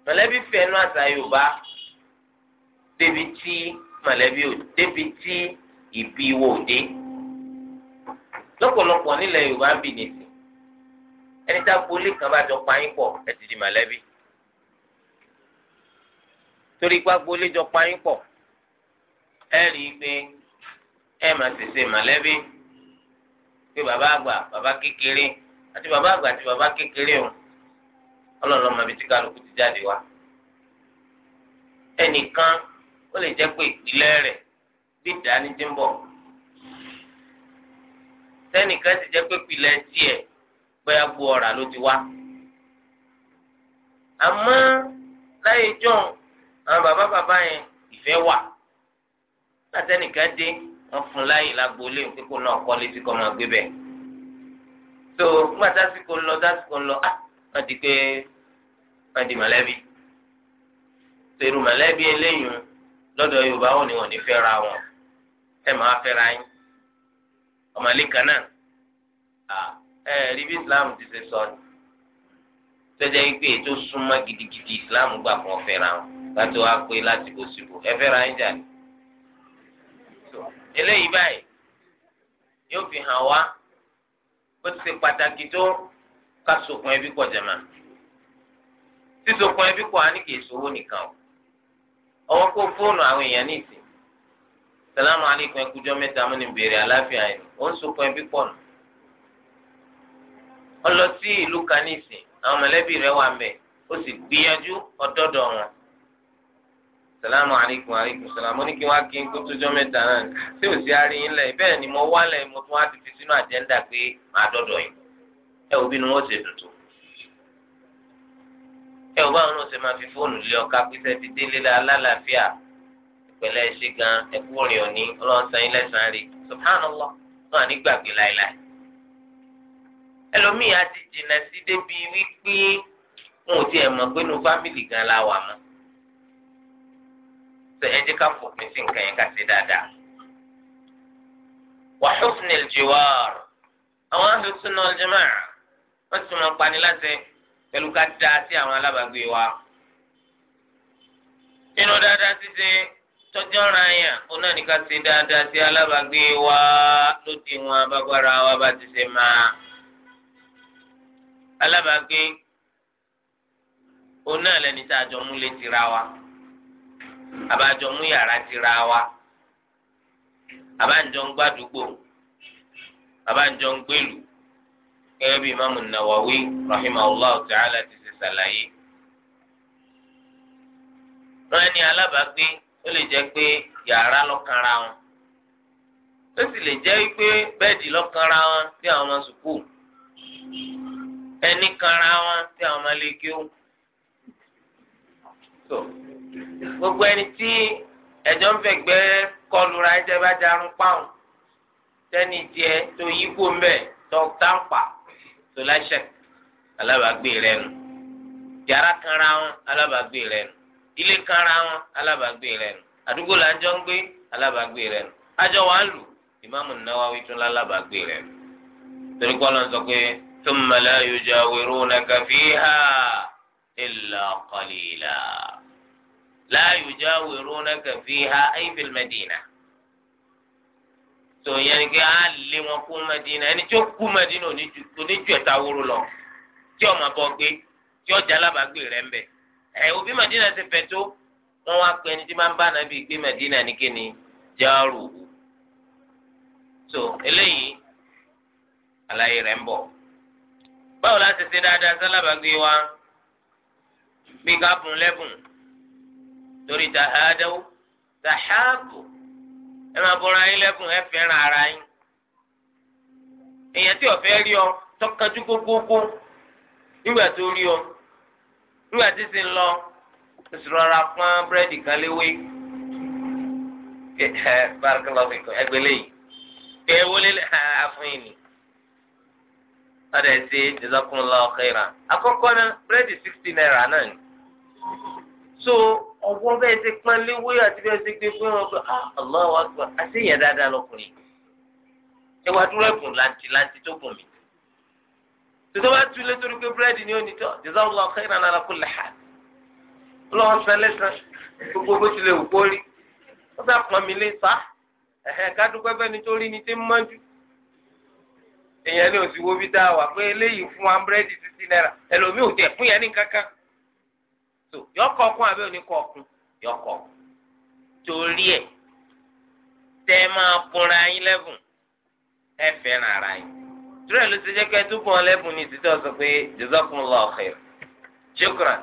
mọ̀lẹ́bí fẹnu àṣà yorùbá débi tí mọ̀lẹ́bí ò débi tí ìbí wo dé lọ́pọ̀lọpọ̀ nílẹ̀ yorùbá ń bì nìsí ẹni tá a polé kan bá jọ payín pọ̀ ẹ ti di mọ̀lẹ́bí torí gbàgbó lé jọ payín pọ̀ ẹ rí i pé ẹ máa ṣèṣe mọ̀lẹ́bí pé bàbá àgbà bàbá kékeré àti bàbá àgbà àti bàbá kékeré o ọlọ́run ọmọ bíi tí kálukú ti jáde wá ẹnìkan ó lè jẹ́ pé ìpìlẹ̀ rẹ̀ bí ìdáni ti ń bọ̀ sẹ́nìkan ti jẹ́ pé ìpìlẹ̀ tiẹ̀ bóyá gbó ọ̀rà ló ti wá àmọ́ láyé jọ́n àwọn bàbá bàbá yẹn ìfẹ́ wà látẹ́nìkan dé wọ́n fún láyè lágboolé pé kó náà kọ́lé sí kọ́ máa gbé bẹ́ẹ̀ tó gbàtà sí kò ń lọ dá sí kò ń lọ ah wọ́n di pé wọ́n di mọ̀lẹ́bí tẹ̀rù mọ̀lẹ́bí eléyìí lọ́dọ̀ yorùbá wọn ni wọ́n ní fẹ́ra wọn ẹ máa fẹ́ra yín ọmọlé kan náà ẹ rí bí islam ti ṣe sọ ni tọ́jà yìí pé ètò súnmọ́ gidigidi islam gbà fún ọ fẹ́ra wọn láti wá pé láti bó síbò ẹ fẹ́ra yín jà ní. eléyìí báyìí yóò fi hàn wá bó ti ṣe pàtàkì tó ká sokùn ẹbí pọ̀ jẹ̀mà sísokùn ẹbí pọ̀ á ní kì í sowó nìkan o ọwọ́ kó fóònù àwọn èèyàn ní ìsìn salamu aleykum ẹkùjọ mẹ́ta mú ni béèrè àlàáfíà yẹn ó ń sokùn ẹbí pọ̀ nù ọlọ sí ìlú kan ní ìsìn àwọn mọ̀lẹ́bí rẹ̀ wà mẹ́ ó sì gbìyànjú ọ̀dọ́dọ̀ wọn salamu aleykum aleykum salamu ní kí wọ́n á kí n kó tójọ́ mẹ́ta náà tí ò sí àárín yín lẹ̀ ni mo wá mo tún wá ti fi sínú àjẹ́ńdà pé màá dọ́dọ̀ yìí ẹ wo bí inú wọn ṣe dùn tó ẹ wo báwọn náà ṣe máa fi fóònù lé ọkà pípẹ́ fi délé alálàáfíà ìpẹ̀lẹ́ ṣe gan ẹkú rìn òní ọlọ́sàn yín lẹ́sàn-án rí subhanallah náà nígbàgbé láéláé ẹlòmíì á ti jìnnà sí débi wípé wọn ò tiẹ̀ mọ̀ pé inú fámìlì gan la wà mọ́ sọ ẹ jẹ́ ká fòpin sí nǹkan yẹn ká ṣe dáadáa wa husnil jiwar àwọn ahlus sunnah wal jamaa wọ́n sì máa ń pani láṣẹ pẹ̀lú ká da sí àwọn alábàágbé wa. nínú dáadáa ṣíṣe tọ́jú ọ̀ràn àyàn òun náà ní ká ṣe dáadáa sí alábàágbé wa lóde wọn abágbára wa bá ti ṣe máa. alábàágbé òun náà lẹni tá a jọ mú lé tira wa àbájọ mú yàrá tira wa àbájọ ń gbàdúgbò àbájọ ń gbèlú gẹ́gẹ́ bí imaamu nawawi rahimahullah ta'ala ti ṣe ṣàlàyé. wọ́n ní alábàágbé ó lè jẹ́ pé yàrá lọ́kànra wọn ó sì lè jẹ́ pé bẹ́ẹ̀dì lọ́kànra wọn sí àwọn ọmọ sùkúù ẹni kanra wọn sí àwọn ọmọ lẹ́kẹ́ọ́ so gbogbo ẹni tí ẹjọ́ ń fẹ̀gbẹ́ kọlura ẹjẹ́ bá darun pàùn sẹ́ni tiẹ̀ tó yípo mbẹ́ tó tàǹpà tó láṣẹ alábàágbé rẹ nù yàrá kanra wọn alábàágbé rẹ nù ilé kanra wọn alábàágbé rẹ nù àdúgbò là ń jọ ń gbé alábàágbé rẹ nù àjọ wà lù ìmáàmù Nawawi tún lálábàágbé rẹ nù torí kọ́ ń sọ pé thumma la yujawirunaka fiha illa qalila la yujawirunaka fiha ay fil madina tó yẹn ni pé á lé wọn kú Mẹdínà ẹni tó kú Mẹdínà òní ju ẹ̀ta wóró lọ tí ọmọ bọ gbé tí ọjà alábàágbé rẹ ń bẹ ẹ òbí Mẹdínà ti fẹ tó wọn wá pé ẹni tí máa ń bá nàbí gbé Mẹdínà ní kíni jáàrù so eléyìí àlàyé rẹ ń bọ báwo la ti ṣe dáadáa sálábàágbé wa bí ká bùn lẹ́bùn torí tàhádẹ́wò tàhábù ẹ máa bọ́ra yín lẹ́kùn ẹ fẹ́ràn ara yín èèyàn tí ọ̀fẹ́ rí ọ tọ́kadú gbogbogbò nígbà tó rí ọ nígbà tí sì ń lọ oṣù rọra pọ́n búrẹ́dì kan léwé ẹ barakalọ́fin kan ẹgbẹ́lẹ́ yìí pé wọlé àfún yìí ni ọ̀dà ẹ̀sẹ̀ jazakumullahu khairan àkọ́kọ́ náà búrẹ́dì sixty naira náà ni so ọgbọ́n bẹ́ẹ̀ ti pọ́n léwé àti bẹ́ẹ̀ ti gbé fún wọn pé ah, Allahu Akbar àti èèyàn dáadáa lọkùnrin ẹ wá dúró ẹ̀bùn láǹtì láǹtì tó bùn mí. tètè wá tu létorí pé búrẹ́dì ni ó ní tọ́ jazakallahu khairan ala kulli hal. ọlọ́wọ́n sọ ẹlẹ́sàn gbogbo bó tilẹ̀ wù kó rí ó sà pọ́n mi lé sá ẹ̀hẹ́ kádùúgbẹ́ bẹ́ni tó rí ni tí mọ́jú. èèyàn ni òsì ò so yọkọ ọkùn àbí oníkọ ọkùn yọkọ torí ẹ tẹ máa bùnra yín lẹ́bùn ẹ fẹ́ràn ara yín torí ẹ ló ti jẹ́ kẹ́ tó bọ̀ lẹ́bùn ní títí ọ̀sán pé jazakumullahu khair shukran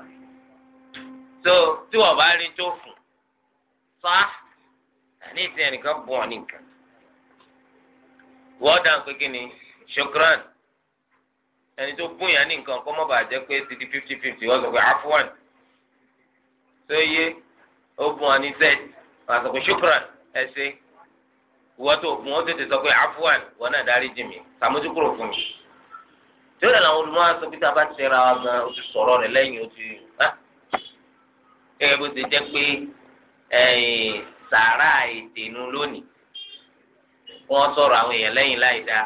so tí wọ́n bá rí tó fún sá ah, àní ìtì ẹnìkan bọ̀ nìkan wọ́n dàn pé kí ni shukran ẹni tó bùn yẹn ní nǹkan kọ́ mọ́ bàjẹ́ pé ti di fifty fifty wọ́n sọ pé afuwan tó yé ó bùn ọ ní z wàá sọ pé ṣukran ẹ ṣe ìwọ tó bùn ó tètè sọ pé afuwan wọn náà dárí jì mí sàmójúkúrò fún mi tí ó lè làwọn olùmọ̀ àti sọpítà bá ti ra wa o ti sọ̀rọ̀ rẹ̀ lẹ́yìn o ti hàn ah. gẹ́gẹ́ bó ti jẹ́ pé sàárà ìdènú lónìí wọ́n sọ̀rọ̀ àwọn èèyàn lẹ́yìn láì dáa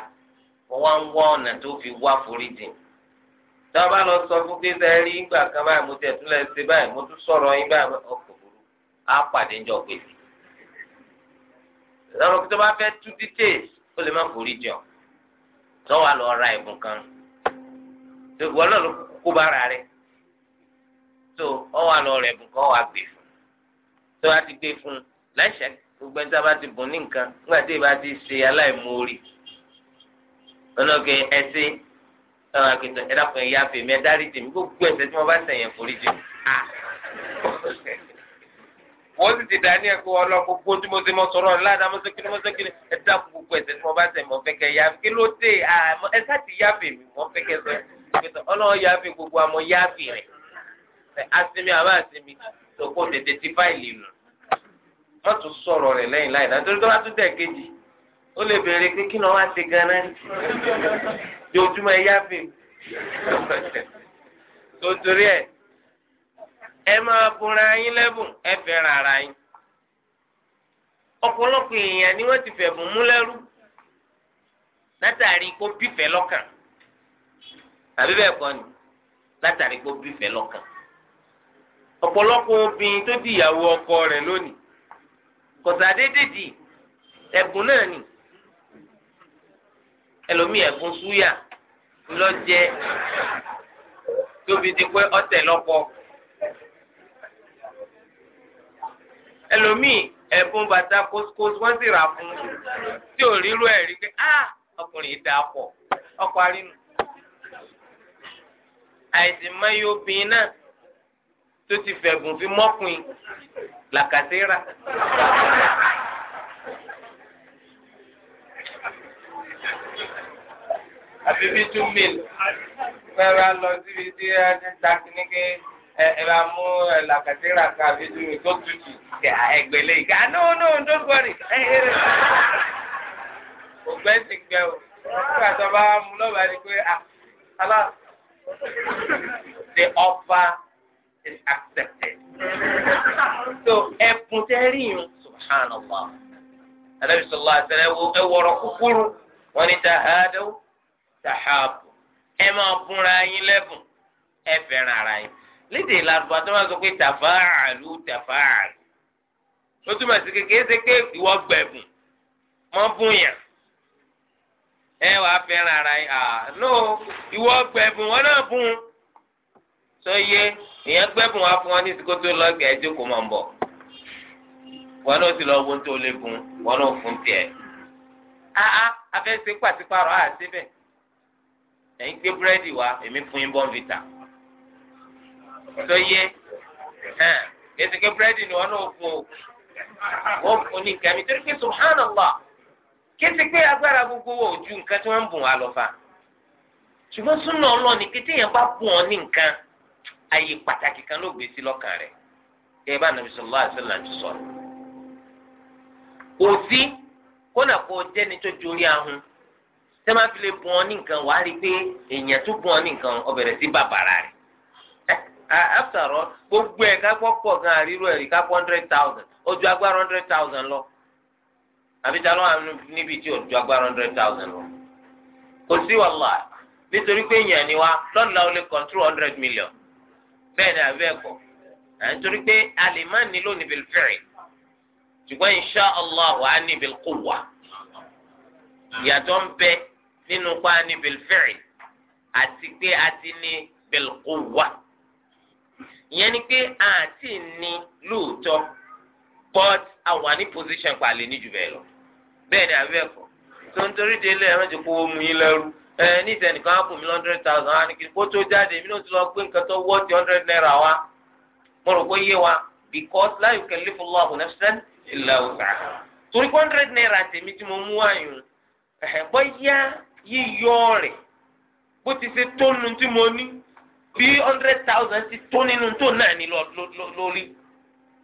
wọ́n wá ń wá ọ̀nà tó fi wá foríjìn tí wọn bá lọ sọ fún pé sẹ rí ìgbà kan báyìí mo tẹ̀ tún lẹ ṣe báyìí mo tún sọ̀rọ̀ yín báyìí ọkọ̀ burú á pàdé ńjọ pèsè lọ́rọ̀ pé tó bá fẹ́ tú details ó lè má forí jọ lọ́wọ́ àlọ́ ra ẹ̀bùn kan tó wọ́n náà ló kó bára rẹ̀ tó ọwọ́ àlọ́ rẹ̀ ẹ̀bùn kan wà gbé fún tó bá ti gbé fún láìsẹ̀ gbogbo ẹni tí a bá ti bùn ní nǹkan nígbà tí ìbá ti ṣe aláìmoore ọ̀nà òkè ẹ̀sìn táwọn akéwìtọ ẹ dàpọ̀ ẹ̀yà fèmí ẹ dárí jèmí gbogbo ẹ̀ṣẹ̀ tí wọ́n bá sẹ̀yìn forí jèmí. wọ́n sì ti dání ẹ̀kọ́ ọlọ́kọ̀ gbogbo tí mo ti mọ sọ̀rọ̀ ńláda mọ́sẹ́kìnì mọ́sẹ́kìnì ẹ dàpọ̀ gbogbo ẹ̀ṣẹ̀ tí wọ́n bá sẹ̀yìn mọ́ fẹ́kẹ́ yá kí ló dé ẹ sáàtì yá fèmí mọ́ fẹ́kẹ́ sọ ọlọ́run yá fè gbogbo àmọ́ yá fè rẹ̀ asimi àbá asimi tó kó tètè ti fáìlì nù mọ́tò sọ̀rọ̀ rẹ̀ lẹ́yìn láì ó lè béèrè pé kí ni wọ́n á ṣe gan-an di ojúmọ́ ẹ yáfin tó torí ẹ ẹ máa bùra yín lẹ́bùn ẹ fẹ́ràn ara yín ọ̀pọ̀lọpọ̀ èèyàn ni wọ́n ti fẹ̀bùn mú lẹ́rú látàrí kó bífẹ̀ lọ́kàn tàbí bẹ́ẹ̀ kọ́ ni látàrí kó bífẹ̀ lọ́kàn ọ̀pọ̀lọpọ̀ obìnrin tó di ìyàwó ọkọ rẹ̀ lónìí kọ̀sádédédì ẹ̀bùn náà ni ẹlòmíì ẹ̀gún súyà ńlọ́jẹ tóbi ti pé ọ̀tẹ̀ lọ́pọ̀ ẹlòmíì ẹ̀bùn bàtà kóskóso wọ́n sì rà fún tí ò rírú ẹ̀ rí pé ah ọkùnrin yìí dáa pọ̀ ọkọ̀ arínú àìsàn mayé obìnrin náà tó ti fẹ̀gùn fi mọ́kùnrin làkàtẹ́rà. àbí bí two mil fẹ́ra lọ síbi tí ẹ ti ta kíní kí ẹ bá mú ẹ làkàtí rà àbí two mil tó tutù kẹ ẹgbẹ̀lẹ̀ yìí ká no no don't worry ẹ ẹ ti gbẹ o nígbà tó bá mú lọ́ba ni pé àlá ah, the offer is accepted so ẹ̀kún tẹ́ rí yun subhanallah anabi sallallahu alaihi wa sallam ẹ wọ̀rọ̀ kúkúrú wọn ni ta tàhábù ẹ máa búra yín lẹ́bùn ẹ fẹ́ràn ara yín lédè ìlànà tó máa sọ pé tàfáàlù tàfáàlù ó túmọ̀ sí kékeré ṣe pé ìwọ gbẹ̀bùn mọ́ bùnyàn ẹ wàá fẹ́ràn ara yín à nó ìwọ gbẹ̀bùn wọn náà bùn sọ yé èèyàn gbẹ̀bùn wá fún wọn ní ìsìkò tó lọ gẹ̀ẹ́ jókòó mọ̀ ń bọ̀ wọn náà sì lọ wo tó lé bùn wọn náà fún tiẹ̀. a a a afẹ́ ṣe pàṣípàrọ̀ àti bẹ́ẹ̀. ẹ̀yin gbé búrẹ́dì wá èmi fún yín bọ́ǹvìtà tó yé èsì gbé búrẹ́dì ni wọ́n náà fún o wọ́n fún ní torí pé pé agbára gbogbo wo ojú nǹkan tí wọ́n ń bùn wá lọ fa ṣùgbọ́n súnà ọlọ́ọ̀ni kété yẹn bá bùn ọ ní nǹkan ayé pàtàkì kan ló gbé sí tẹ́ máa fi lè bùn ọ ní nǹkan wàá rí i pé èèyàn tó bùn ọ ní nǹkan ó bẹ̀rẹ̀ sí bàbàrà rẹ̀ eh, eh, after all gbogbo ẹ̀ kápọ̀ pọ̀ gan àríwú ẹ̀rí kápọ̀ hundred thousand ó ju agbára hundred thousand lọ àbí ta ló wà níbi tí ó ju agbára hundred thousand lọ kò sí wàhálà nítorí pé èèyàn ni wa lọ́nà ó lè control hundred million bẹ́ẹ̀ ni àbí ẹ̀kọ́ eh, nítorí pé a lè má nílò fẹ́rẹ̀ ṣùgbọ́n insha allah wà á níbi kó wà ìyàtọ̀ ń bẹ́ẹ̀ nínú pa ni bilfẹ́ẹ̀ àti pé a ti ní bilkuwa ìyẹn ni pé a ti ní lóòótọ́ but a wà ní position pa lè ní bẹ́ẹ̀ lọ bẹ́ẹ̀ ni àbí bẹ́ẹ̀ kọ́ tó ń torí délé ẹ̀rọ ti omi yín lẹ́rú ẹ ní ìtẹnìkan á bùn mí hundred thousand á ní kí kó tó jáde mí náà ti lọ gbé nǹkan tó wọ́ ti hundred naira wa mo rò pé yé wa because la yukallifu Allahu nafsan illa wus'aha torí hundred naira tèmi tí mo mú àyùn bóyá yíyọ rẹ̀ bó ti ṣe tó nu tí mo ní bí hundred thousand ti tó nínú tó náà ní lórí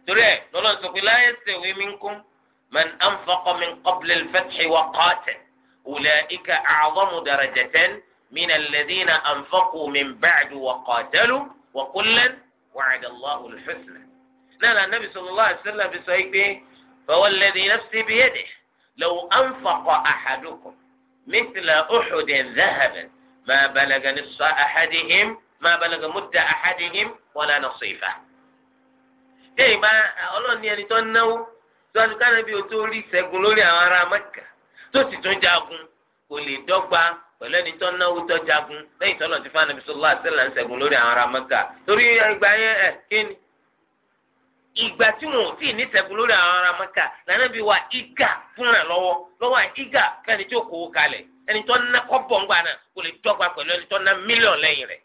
torí ẹ̀ lọ́lọ́run sọ pé láyé mi ń minkum man anfaqa min qabli al-fathi wa qatal ulaika a'zamu darajatan min alladhina anfaqu min ba'du wa qatalu wa kullan wa'ada Allahu al-husna náà nàbì sallallahu alaihi wasallam fi sọ yìí pé fa lẹ́dí nafsi biyadihi law anfaqa ahadukum. مثل أحد ذهبا ما بلغ نصف أحدهم ما بلغ مد أحدهم ولا نصيفه tẹ́yìn bá ọlọ́run ní ẹni tó ń náwó tó a ti ká níbi òtó orí ìṣẹ́gun lórí àwọn ará mẹ́kà tó sì tún jagun kò lè dọ́gba pẹ̀lú ẹni tó ń náwó tó jagun lẹ́yìn tó lọ́n ti fún anabi sọ́lá àṣẹlẹ̀ ń ṣẹ́gun lórí àwọn ará mẹ́kà torí ẹgbàá yẹn ẹ̀ kí ni ìgbà tí wọn ò tí ì ní tẹ̀kùn lórí àwọn ará maka lànà bí wa ìgà fúnra lọ́wọ́ lọ́wọ́ ìgà fẹ́ni tí ó kó kalẹ̀ ẹni tó ná kọ́bọ̀ ńgbà náà kò lè dọ́gba pẹ̀lú ẹni tó ná mílíọ̀nù lẹ́yìn rẹ̀.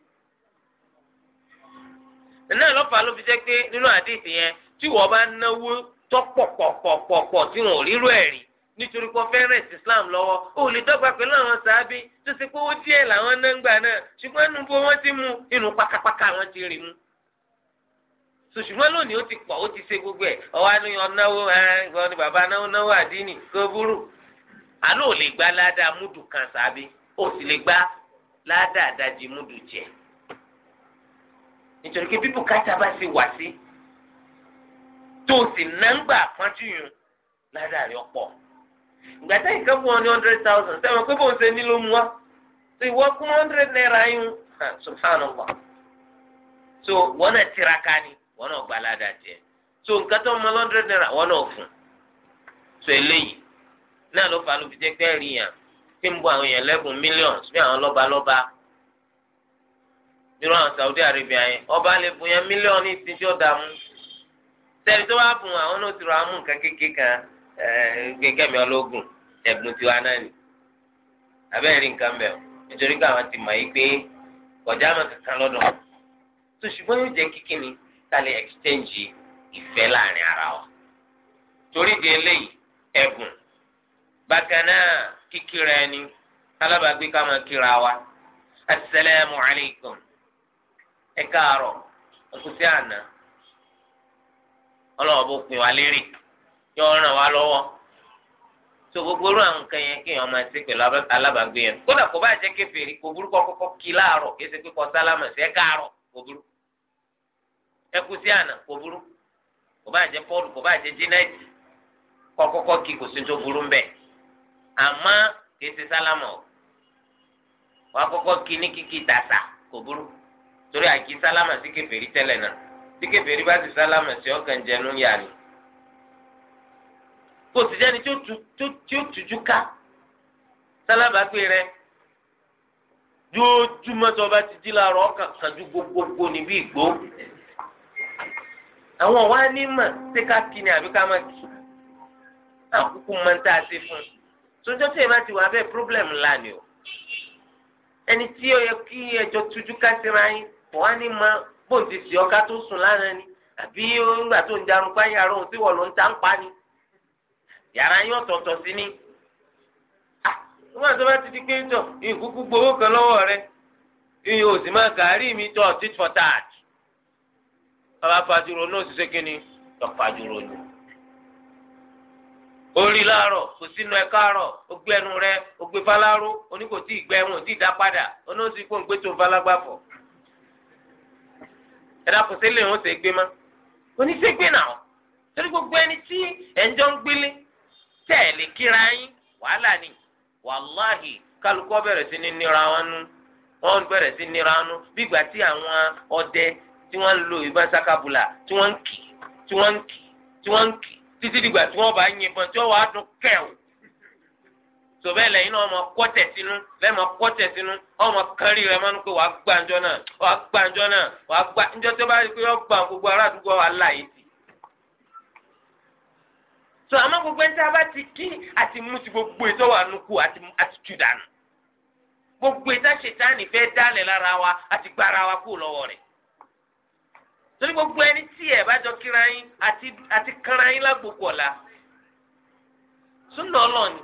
nínú ọlọ́pàá ló fi jẹ́ pé nínú àdéhìí yẹn tí wọ́n bá náwó tó pọ̀pọ̀pọ̀pọ̀ tí wọn ò rírú ẹ̀ rí nítorí pé fẹ́rẹ̀ sí Islam lọ́wọ́ ó lè dọ́gba pẹ̀lú àwọn sàábí tó ṣe pé ó díẹ̀ làwọn náà ń gbà náà ṣùgbọ́n inú bó wọ́n ti mú inú pákápáká wọn ti rí mu sòṣùgbọ́n lónìí ó ti pọ̀ ó ti ṣe gbogbo ẹ̀ ọwọ́ àni ọ̀náwó ìwọ ni bàbá náwó náwó àdínì kó burú àlọ́ ò lè gba ládàá múdù kan sábẹ́ ó sì lè gba ládàá àdájì múdù jẹ nítorí pé bíbù káta bá ṣe wà sí tó sì náǹgbà pọ́njú yun ládàá rẹ̀ pọ̀ ìgbà táyì ní hundred thousand sẹ́wọ̀n pé bóun ṣe ní ló mú wa tó ìwọ kún hundred naira yun subhanallah so wọn náà tiraka ni wọn náà gba aládàá jẹ so nǹkan tó mọ lọ́ndrẹ́d náírà wọn náà fún so eléyìí náà ló fi jẹ́ pé yàn tí ń bọ àwọn èèyàn lẹ́bùn àwọn lọ́ba lọ́ba àwọn Saudi Arabia yẹn ọba lè bùn yẹn mílíọ̀nù ní ìsìnjọ́ dààmú sẹ́ni tó bá eh, tiwa náà ni rí nǹkan bẹ̀ nítorí ti mọ̀ yí pé kọjá mọ̀ kankan lọ́dọ̀ tó ṣùgbọ́n tálẹ̀ exchange ìfẹ́ láàrin ara wa torí di eléyìí ẹ̀bùn bákan náà kíkíra ẹni alábàágbé ká máa kíra wa asalaamu alaykum ẹ káàárọ̀ ẹkùsí àná ọlọ́wọ́ bó pin wa lérè yọ ràn wá lọ́wọ́ so gbogbo orú àwọn nǹkan yẹn kéèyàn máa ṣe pẹ̀lú alábàágbé yẹn kódà kó bá jẹ́ kéferì kò burúkọ kọ́kọ́ kí láàárọ̀ kí ẹ ṣe pé kọ́ sálámà sí ẹ káàárọ̀ kò burú ẹkú sí àná kò burú kò bá jẹ Paul kò bá jẹ Janet kọkọkọ kí kò sí tó burú mbẹ àmọ́ kìí ṣe sálámà o wàá kọ́kọ́ kí ní kíkí tàṣà kò burú torí àkí sálámà sí kèfèrí tẹ́lẹ̀ náà tí kèfèrí bá ti sálámà sí ọkàn jẹnu yà ni kò sì jẹni tí ó tujú ká sálábàápẹ rẹ yóò júmọ́ tó bá ti dí láàárọ̀ ọkàn kan gbogbogbò níbi ìgbó àwọn wa ní mà ṣé ká kí ni àbí ká má kí àkókò máa ń tá a ṣe fún un tí èèyàn bá ti wà bẹ́ẹ̀ problem ńlá ni o ẹni tí ó yẹ kí ẹjọ́ tújú ká síra yín kò wá ní ma bóun ti sì ọká tó sùn lánàá ni àbí nígbà tó ń darun pa yàrá òun tí wọ́n ló ń ta ń pa ni yàrá yín ọ̀tọ̀ọ̀tọ̀ sí ni ah, nígbà tó bá ti di pé ń tọ̀ ìkúkú gbowó kan lọ́wọ́ rẹ ìyẹn ò sì máa gàárì mi tọ̀ tit for tat bàbá fàdúró náà ti ṣe kínní lọ́pàdúró ni. orí láàárọ̀ kò sínú ẹ káàárọ̀ ó gbé ẹnu rẹ ó gbé faláró oní kò tí ì gbẹ wọn ò tí ì dá padà oní ó sì kó ń gbé tó falágbàfọ̀. ẹ dákun sí lè wọn ṣe gbé má oníṣègbè náà torí gbogbo ẹni tí ẹ ń jọ ń gbélé tẹ̀ lè kíra yín wàhálà ni wàláhì kálukọ́ bẹ̀rẹ̀ sí ní nira wọn nú wọ́n bẹ̀rẹ̀ sí nira wọn nú bí ìgbà tí àwọn ọdẹ tí wọ́n lo ìbọn sakabula tí wọ́n ń kì tí wọ́n ń kì tí wọ́n ń kì títí dìgbà tí wọ́n bá yìnbọn tí wọ́n wàá dún sọ̀bẹ́ lẹ́yìn ọmọ kọ́tẹ̀ sínú lẹ́mọ̀ kọ́tẹ̀ sínú ọmọ kárí rẹ̀ máa ń pè wàá gbà ńjọ́ náà wàá gbà ńjọ́ náà wàá gbà ńjọ́ tó bá gbà gbogbo ará àdúgbò gbogbo ẹni a bá ti kí àti mú ti gbogbo ètò torí gbogbo ẹni tí ẹ bá jọ kíra yín àti kanra yín lágbòkò ọ̀la súnà ọlọ́ọ̀ni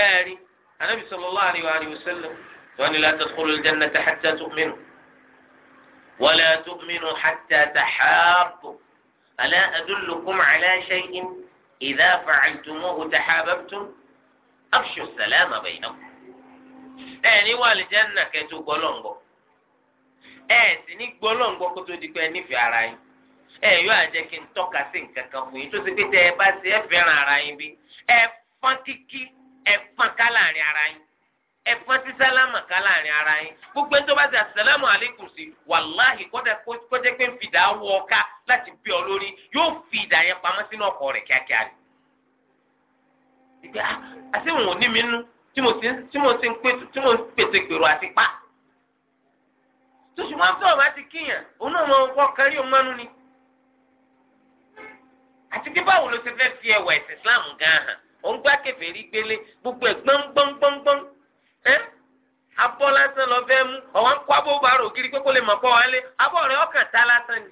ẹ̀ẹ́rì anábì sallallahu alaihi wa sallam wọ́n ní la tadkhulul jannata hatta tu'minu wa la tu'minu hatta tahabbu ala adullukum ala shay'in idha fa'altumuhu tahabbtum afshu salama bainakum ẹ̀ẹ́rì wà lè jẹ́ nàkẹ́tù gbọ́lọ́ngbọ́. ẹ sì ní gbólóńgbò kó tó di pé ẹ nífẹ̀ẹ́ ara yín ẹ yóò àjẹ kí n tọ́ka sí nǹkan kan fún yín tó ṣe pé tẹ ẹ bá ṣe ẹ fẹ́ràn ara yín bí ẹ fọ́n kíkí ẹ fọ́n ká láàrin ara yín ẹ fọ́n sí sálámà ká láàrin ara yín gbogbo ẹni tó bá ṣe àṣàlámù àlékún sí wàláhì kọ́jẹ́ pé ń fìdá wọ ọ̀ka láti bí ọ lórí yóò fi ìdá yẹn pamọ́ sínú ọkọ̀ rẹ̀ kíákíá rẹ̀ ìgbà àti wọn ò ní mi nú tí mo ti ń pètè gbèrò àti pa. tó ṣùgbọ́n tó ọba ti kíyàn òun náà ọkọ kárí òun mánú ni. àti pé báwo ló ti fẹ́ fi ẹwà ẹ̀sìn Islam gan hàn òun gbá kèfèrí gbélé gbogbo ẹ̀ gbọ́ngbọ́ngbọ́ngbọ́n ẹ́ abọ́ lásán lọ fẹ́ mú ọ̀wá ń kó abọ́ bá rò kiri pé kó lè mọ̀ pọ́ wálé abọ́ rẹ̀ ọkàn tá lásán ni.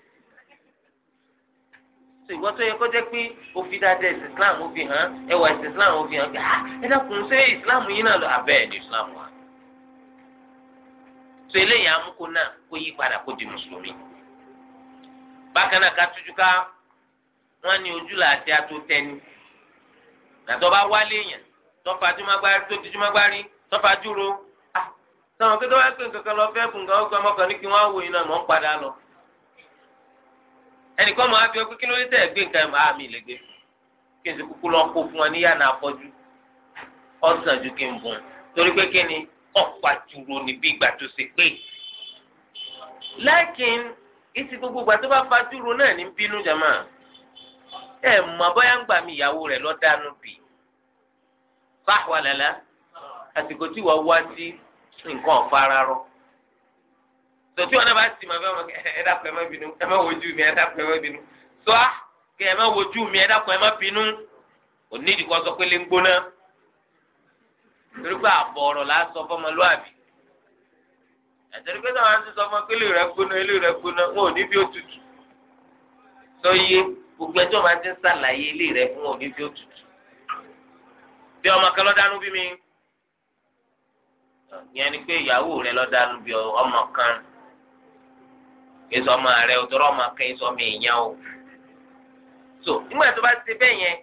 sọ ìwọ tó yẹ kó jẹ́ pé o fi dáadáa ẹ̀sìn Islam ó fi hàn ẹwà ẹ̀sìn Islam ó fi hàn ah, ẹ dákun ṣé Islam yín náà lọ tó eléyìí amuko naa ko yi padà kó di mùsùlùmí bákan náà wọn ní ojú là àti ató tẹni nàtọ́ wálé yẹn nke jùmọ̀gbárí tó ti jùmọ̀gbárí tọ́fà dúró sọ̀rọ̀ pé tó wá pé lọ fẹ́ kùn kan ó ní kí wọ́n mọ̀ ń padà lọ ẹnìkan ọ̀pá jùlọ níbi ìgbà tó ṣe pé. lákìn ìsì gbogbo ìgbà tó bá fa jùlọ náà ní bínú jàmá ẹ mọ bóyá ń gbà mí ìyàwó rẹ lọ dánú bì fáwọn àlàlà àsìkò tí wàá wá sí nǹkan ọ̀fara rọ tòtí wọn náà bá ti màá fẹ́ wọn ẹ dàpọ̀ ẹ má bínú ẹ má wojú mi ẹ dàpọ̀ ẹ má bínú sọ́à ah, kẹ ẹ má wojú mi ẹ dàpọ̀ ẹ bínú onídìí kan sọ pé lè ń gbóná torí pé àbọ̀ ọ̀rọ̀ la sọ fọmọlúwàbí àtẹ̀rí pé táwọn ti sọ fún pé ilé rẹ̀ gbóná ilé rẹ̀ gbóná wọn ò ní bí ó tutù sọ yé gbogbo ẹjọ́ máa ti ń sàlàyé ilé rẹ̀ fún wọn ò ní bí ó tutù bí ọmọ kan lọ́dánú bí mi ìyẹn ni pé ìyàwó rẹ lọ́dánú bí ọmọ kan kí rẹ òtọ́rọ́ ọmọ kan kí èèyàn o so nígbà tó bá ti bẹ́ẹ̀ yẹn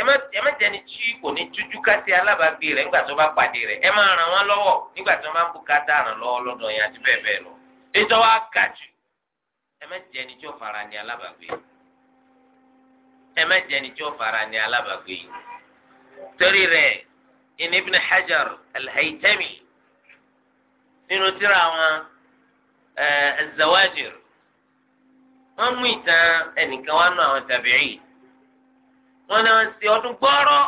ẹ má jẹni tí kò ní tújú ká sí alábàágbé rẹ̀ nígbà tó bá pàdé rẹ̀ ẹ máa ràn wọ́n lọ́wọ́ nígbà tó máa ń bùkátà ràn lọ́wọ́ lọ́dọ̀ yẹn àti bẹ́ẹ̀ bẹ́ẹ̀ lọ ètò wa ga jù ẹ má jẹni tí ó fara ní alábàágbé ẹ má jẹni tí ó fara ní alábàágbé torí rẹ̀ ìní Ibn Hajar al nínú tírà wọn ẹ eh, zawajir wọn mú ìtàn ẹnìkan wá nù àwọn tàbíyìn. wọn náà ń ṣe ọdún gbọ́rọ́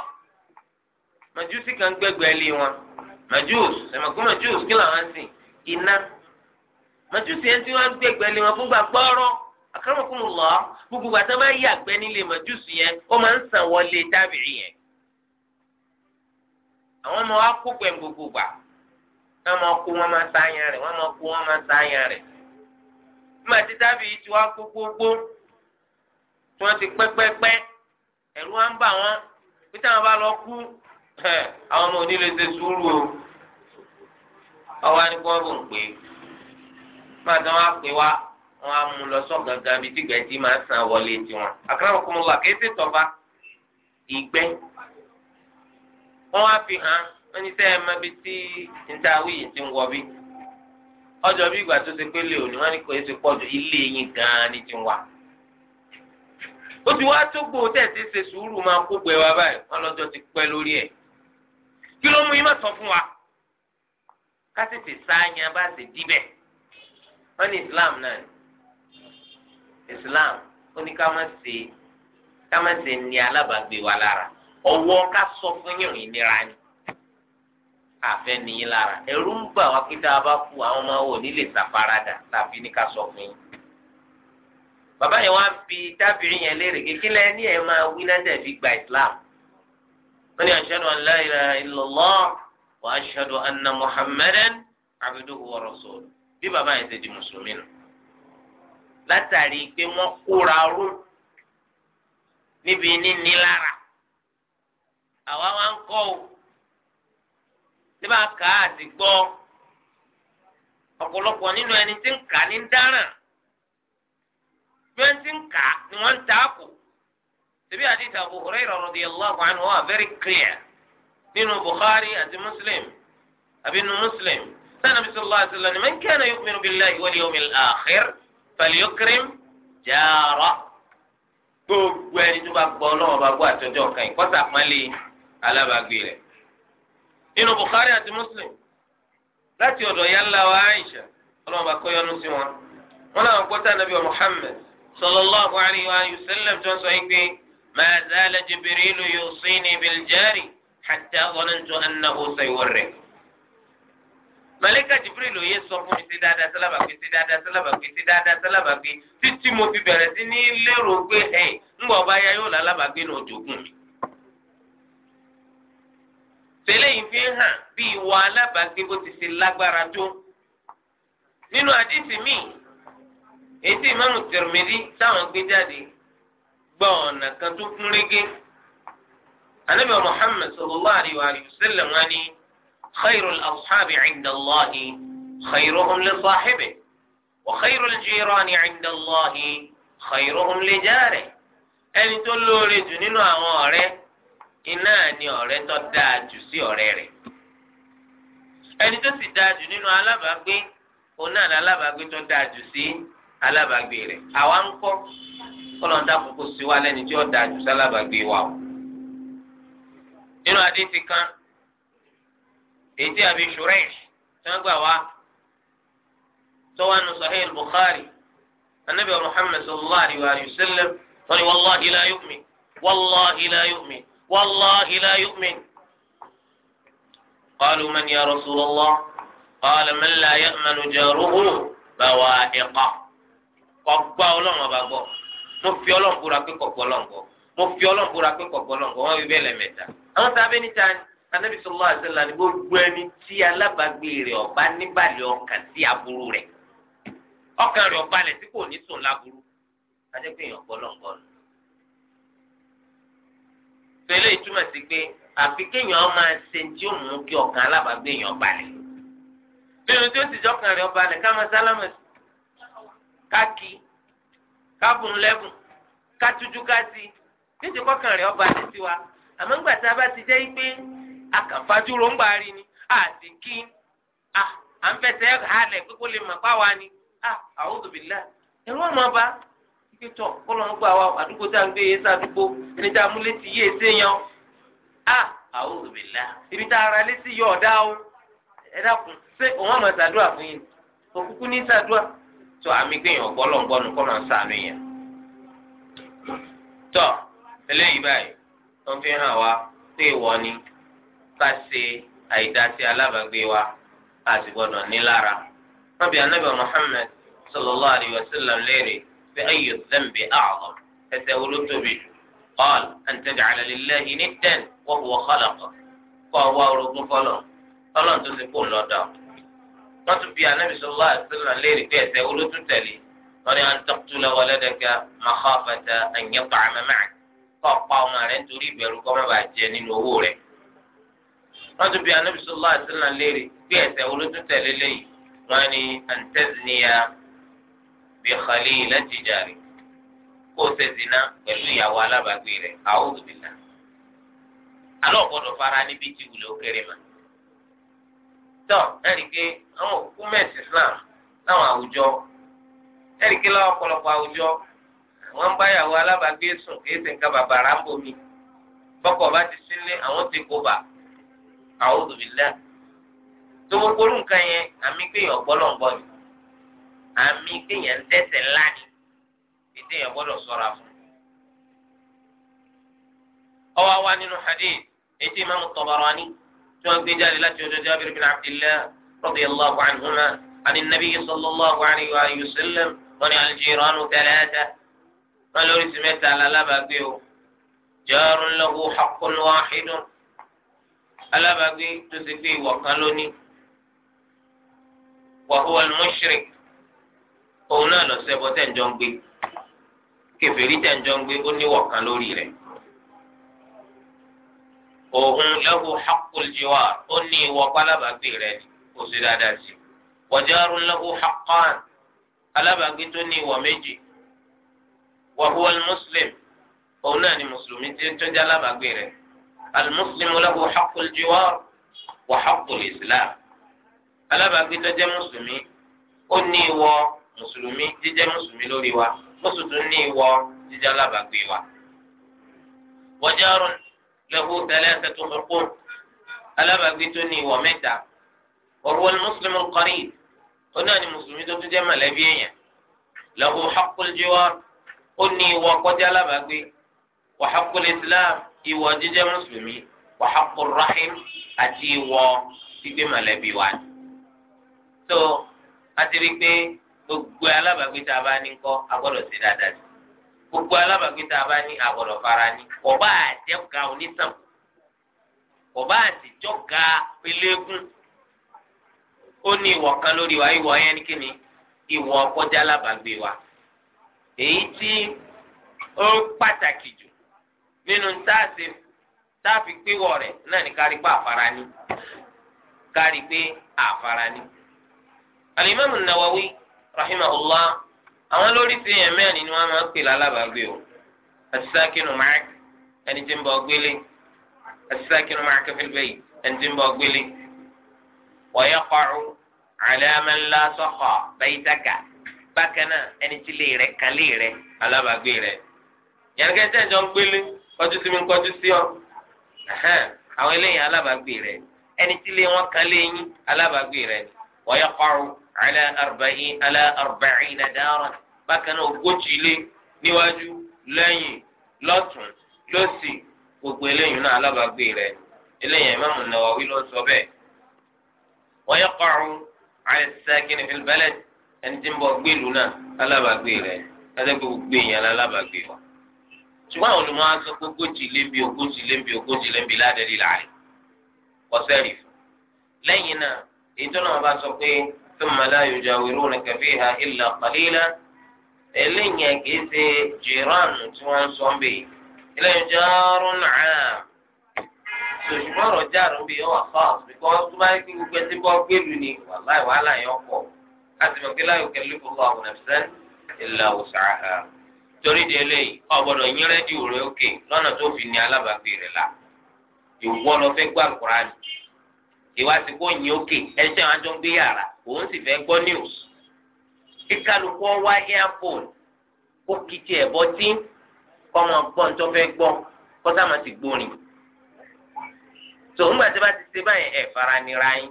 ka kan gbẹgbẹ́ wọn màjús ẹ̀mọ̀kú màjús kí làwọn sìn iná màjúsì yẹn tí wọ́n gbẹgbẹ́ wọn fúngbà gbọ́rọ́ akramakumullah gbogbo àti ọba yí àgbẹ̀ nílé yẹn ó máa ń sàn wọlé yẹn àwọn ọmọ wa kó gbogbo gbà wọn máa kó wọn máa rẹ wọn máa kó wọn máa rẹ ẹ̀rù wa ń bà wọ́n bí táwọn bá lọ kú àwọn ọmọ onílé ṣe sùúrù o ọwọ́ ni kò rò ń pè máa tán wá pè wá wọn á mú lọ sọ́gangan bíi tìgbẹ́ tí máa san wọlé tiwọn àkàràwọ̀ kò mú wà kéésì tọ́ba ìgbẹ́ wọn á fi hàn wọn ní sẹ́yìn máa bi tí ntàwí yìí ti ń wọ bí ọjọ́ bí ìgbà tó ṣe pé lè òní wọn ní kò ṣe pọ̀jù ilé yín gan-an ni ti ń wà ó ti wá tó gbòó tẹ̀sí ṣe sùúrù máa kó gbẹ wa báyìí wọn lọ́jọ́ ti pẹ́ lórí ẹ̀ kí ló mú yín má sọ fún wa ká sì ti bá sì díbẹ̀ wọ́n ní Islam náà Islam ó ní ká má ṣe ká má ṣe ní alábàágbé wa lára ọwọ́ ká sọ fún yìnyín nira ni àfẹ́ nìyí lára ẹ̀rù ń bà wá kí tá a bá kú àwọn ọmọ wò nílé sàfaradà láfi ní ká sọ fún yín bàbá yẹn wá bi tábìrì yẹn léèrè kékeré lẹ ní ẹ máa wí náà dàbí gba islam wọn ni ashhadu an la ilaha illallah wa ashhadu anna muhammadan abduhu wa rasuluhu bí bàbá yẹn ṣe di mùsùlùmí nù látàrí pé wọn kóra ró níbi níní lára àwa wa ń kọ́ o níbà ká àti gbọ́ ọ̀pọ̀lọpọ̀ nínú ẹni tí ń kà ní dáràn twenty nkà ni wọ́n ń ta kù ṣebí àdìsí Abu Hurairah radiyallahu anhu wa very clear nínú Bukhari àti Muslim àbínú Muslim sanabi sallallahu alayhi wa sallam man kana yu'minu billahi wal yawmil akhir falyukrim jaara gbogbo ẹni tó bá gbọ́ ọlọ́wọ́ bá gbọ́ àtọ́jọ́ kan yìí kọ́sà pọ́nlé alábàágbé rẹ̀ nínú Bukhari àti Muslim láti ọ̀dọ̀ yálà wa Aisha ọlọ́wọ́ bá kọ́yọ́nù sí wọn wọn làwọn gbọ́tà nàbí wa Muhammad sallallahu alayhi wa sallam tó sọ yìí pé ma zala Jibrilu yusini bil jari hatta dhanantu annahu sayuwarrik. Màlàíkà Jibrilu yẹ sọ fún mi sí dáadáa sálábà pé sí dáadáa sálábà pé sí dáadáa sálábà pé títí mo fi bẹ̀rẹ̀ sí ní lérò pé ẹ̀ ń bọ̀ bá yá yóò lálábàgbé náà jogún mi tẹ́lẹ̀ yìí fi hàn bí ìwà alábàágbé bó ti ṣe lágbára tó nínú àdìsí míì èyí tí ìmáàmù Tirmidhi táwọn gbé jáde gbọ́ ọ̀nà kan tó kún régé anabi Muhammad sallallahu alayhi wa sallam wani khayrul ashabi inda Allahi khayruhum li sahibihi wa khayrul jirani inda Allahi khayruhum li jarihi ẹni tó lóore jù nínú àwọn ọ̀rẹ́ iná ni ọ̀rẹ́ tó dáa jù sí ọ̀rẹ́ rẹ̀ ẹni tó sì dáa jù nínú alábàágbé òun náà ni alábàágbé tó dáa jù sí alábàágbé rẹ̀ àwa ń kọ́ kọ́lọ́ńdà kókó sí wa lẹ́ni tí ó da jù sálábàágbé wa o. nínú adé ti kan èyí tí àbí ṣùrẹ́ẹ̀ṣ tí wọ́n gbà wá tọ́wọ́nù sahih bukhari anabi muhammad sallallahu alayhi wa sallam wọ́n wàllahi la yu'min wàllahi la yu'min wàllahi la yu'min. قالوا من يا رسول الله قال من لا يأمن جاره بوائقه ọgbà ọlọ́run ọba gbọ́ mo fi ọlọ́run búra pé kọ̀gbọ́ ọlọ́run gbọ́ mo fi ọlọ́run búra pé kọ̀gbọ́ ọlọ́run gbọ́ wọ́n fi bẹ́ẹ̀ lẹ́mẹ̀ta. àwọn sábẹ́ níta ni anabi sọlá àṣẹlá ni gbogbo ẹni tí alábàágbé rẹ̀ ọba níbàlẹ̀ ọkàn sí aburú rẹ̀ ọkàn rẹ̀ ọba lẹ̀ tí kò ní sùn láburú adékùnyìn ọ̀gbọ́ ọlọ́run gbọ́ tẹ́lẹ̀ ìtumọ̀ sí pé àfi kéèyàn máa ṣe tí ó mú kí ọkàn alábàágbé èèyàn balẹ̀. nínú tí ó ti jọkàn rẹ̀ balẹ̀ ká máa sálámà sí kaki kábùn lẹ́bùn kátújú kásí níṣẹ́ kọ́kàn rẹ̀ ọba àti tiwa àmọ́ ńgbà tá a bá ti jẹ́ pé akànfàjú ròǹgbà rí ni àti kí à ń fẹsẹ̀ halẹ̀ pé kó lè mọ̀ páwa ni a'udhu billah ẹ̀rú ọ̀nà ọba ike tọ̀ kọ́lọ́ ń gbà wá àdúgbò tá à ń gbé yé sádùúgbò ẹni tá a mú létí yé e èsè yan a'udhu billah ibi tá a ra létí yọ ọ̀dá o ẹ dákun ṣé òun àmọ̀ ṣàdúrà fún yín òkúkú ní ṣàdúrà tó àmì gbìyànjú gbọ́lọ́ngbọ́nu kọ́ máa sànù yẹn. tọ́ eléyìí báyìí wọ́n fi hàn wá pé ìwọ ni ká ṣe àìdásí alábàágbé wa a sì gbọ́dọ̀ nílára. wọ́n bí anábì Muhammad sallallahu alayhi wa sallam léèrè pé ayyu dhanbi a'zam ẹ̀ṣẹ̀ wo ló tóbi jù qal an taj'ala lillahi niddan wa huwa khalaqa kọ́ wa orogún fọlọ́ fọlọ́ tó ti kó lọ́dọ̀ wọ́n tún bí anabi sọlá àtúnlá léèrè pé ẹ̀ṣẹ̀ wo ló tún tẹ̀lé wọ́n ní antaqtula waladaka makhafata an yat'ama ma'ak kọ́ pa ọmọ rẹ̀ nítorí ìbẹ̀rù kọ́ má bàa jẹ nínú owó rẹ̀ wọ́n tún bí anabi sọlá àtúnlá léèrè pé ẹ̀ṣẹ̀ wo ló tún tẹ̀lé léyìí wọ́n ní an tazniya bi khalilati jari kó o ṣe zina pẹ̀lú ìyàwó alábàgbé rẹ̀ a'udhu billah tán ẹ̀rí pé àwọn òkú mẹ́sì Islam láwọn àwùjọ ẹ̀rí pé láwọn ọ̀pọ̀lọpọ̀ àwùjọ wọ́n ń báyàwó alábàágbé sùn kì í sì ń ká bàbá rámbó mi bọ́kọ̀ bá ti sílé àwọn ti kó bà àwọn òbílẹ̀ tó gbogbo orú nǹkan yẹn àmì kéèyàn gbọ́lọ́ngbọ́ ni àmì kéèyàn ń dẹ́ṣẹ̀ ńlá ni ètè yẹn gbọ́dọ̀ sọ́ra fún ọwọ́ wa nínú hadith ètè Imam Tabarani tí wọ́n gbé jáde láti ọjọ́ Jabir bin Abdillah radiyallahu anhuma ani nabi sallallahu alayhi wa sallam wọ́n ní aljiranu thalatha wọ́n lórí ti mẹ́ta alábàágbé o jarun lahu haqqun wahidun alábàágbé tó ti gbé ìwọ̀ kan lónìí wa huwa al-mushrik òun náà lọ sẹ́bọ̀ tẹ̀ ń jọ ń gbé kèfèrí tẹ̀ ń jọ ń gbé ó níwọ̀ kan lórí rẹ̀ òun lẹ́hu hakul jiwar ó ní ìwọ pálábàgbé rẹ ni kò sí dáadáa sí wàjáru lẹ́hu haqqan alábàgbé tó ní ìwọ méjì wàhùwà muslim òun náà ni mùsùlùmí tí ó jẹ́ alábàgbé rẹ alimuslimu lẹ́hu hakul jiwar wà hakul islam alábàgbé tó jẹ́ mùsùlùmí ó ní ìwọ mùsùlùmí jíjẹ́ mùsùlùmí lórí wa mùsùlùmí ní ìwọ jíjẹ́ alábàgbé wa wàjáru lahu thalathatu huquq alábàágbé tó ní ìwọ̀ mẹ́ta ọ̀rọ̀ mùsùlùmí kọ́rí ó náà ní mùsùlùmí tó tún jẹ́ mọ̀lẹ́bí èèyàn lahu haqqul jiwar ó ní ìwọ̀ kọjá alábàágbé wa haqqul islam ìwọ̀ jíjẹ́ mùsùlùmí wa haqqur rahim àti ìwọ̀ gbígbé mọ̀lẹ́bí wa ni. tó rí i pé gbogbo alábàágbé tá a bá ní kọ́ a gbọ́dọ̀ ṣe dáadáa sí gbogbo alábàgbé tá a bá ní àgọ̀dọ̀ fara ní ọba àjẹkà onítàn ọba àtijọ́ ga pelégún ó ní ìwọ̀ kan lórí wa ìwọ̀ yẹn ní kíni ìwọ̀ ọkọjá alábàgbé wa èyí tí ó pàtàkì jù nínú táàsì táàfi pínwọ̀ rẹ̀ náà ní kárí pé àfara ní kárí pé àfara ní. al nawawi rahimahullah àwọn lórí ti èèyàn mẹ́rin ni wọ́n máa ń pè lálábàágbé o as-sakinu ma'ak ẹni tí ń bọ̀ gbélé as-sakinu ma'aka fil bayt ẹni tí ń bọ̀ gbélé wa yaqa'u ala man la sakha baytaka bákan náà ẹni tí lè rẹ kan lè rẹ alábàágbé rẹ yàrá kẹ́ tẹ́ ẹ̀ ń gbélé kọjú sí mi kọjú sí ọ àwọn eléyìí alábàágbé rẹ ẹni tí lè wọn kan yín alábàágbé rẹ wa yaqa'u ala arba'in ala arba'ina daran bákan náà ogójì ilé níwájú lẹ́yìn lọ́tún lọ́sì gbogbo eléyìí náà alábàágbé rẹ̀ eléyìí Imamu Nawawi ló sọ bẹ́ẹ̀ wa yaqa'u ala as-sakin fil balad ẹni tí ń bọ̀ gbèlú náà alábàágbé rẹ̀ ẹ̀dẹ́gbẹ́ gbogbo èèyàn alábàágbé wa ṣùgbọ́n àwọn olùmọ̀ aṣọ pé ogójì lébi ogójì lébi ogójì lébi ládẹ́rì láàrin ọ̀sẹ̀ fún ثم لا يجاورونك فيها إلا قليلا إلي كيسي جيران توان صنبي إلي جار عام sòṣùgbọ́rọ̀ jàrún bíi ọwọ́ fáwọn because tó bá yẹ kí gbogbo ẹtí bọ́ gbèlú ni wàláì wàhálà yẹn ọkọ̀ láti mọ̀ pé láyò ìwà ti kó yin òkè ẹni tí wọn jọ ń gbé yàrá òun sì fẹ́ gbọ́ news kíkálukú wá airphone kó kìtì ẹ̀bọ tí kọ́ wọn gbọ́ ń tọ́ fẹ́ gbọ́ kó sáà máa ti gbórin tó ń gbà tí bá ti ṣe báyìí ẹ̀ fara nira yín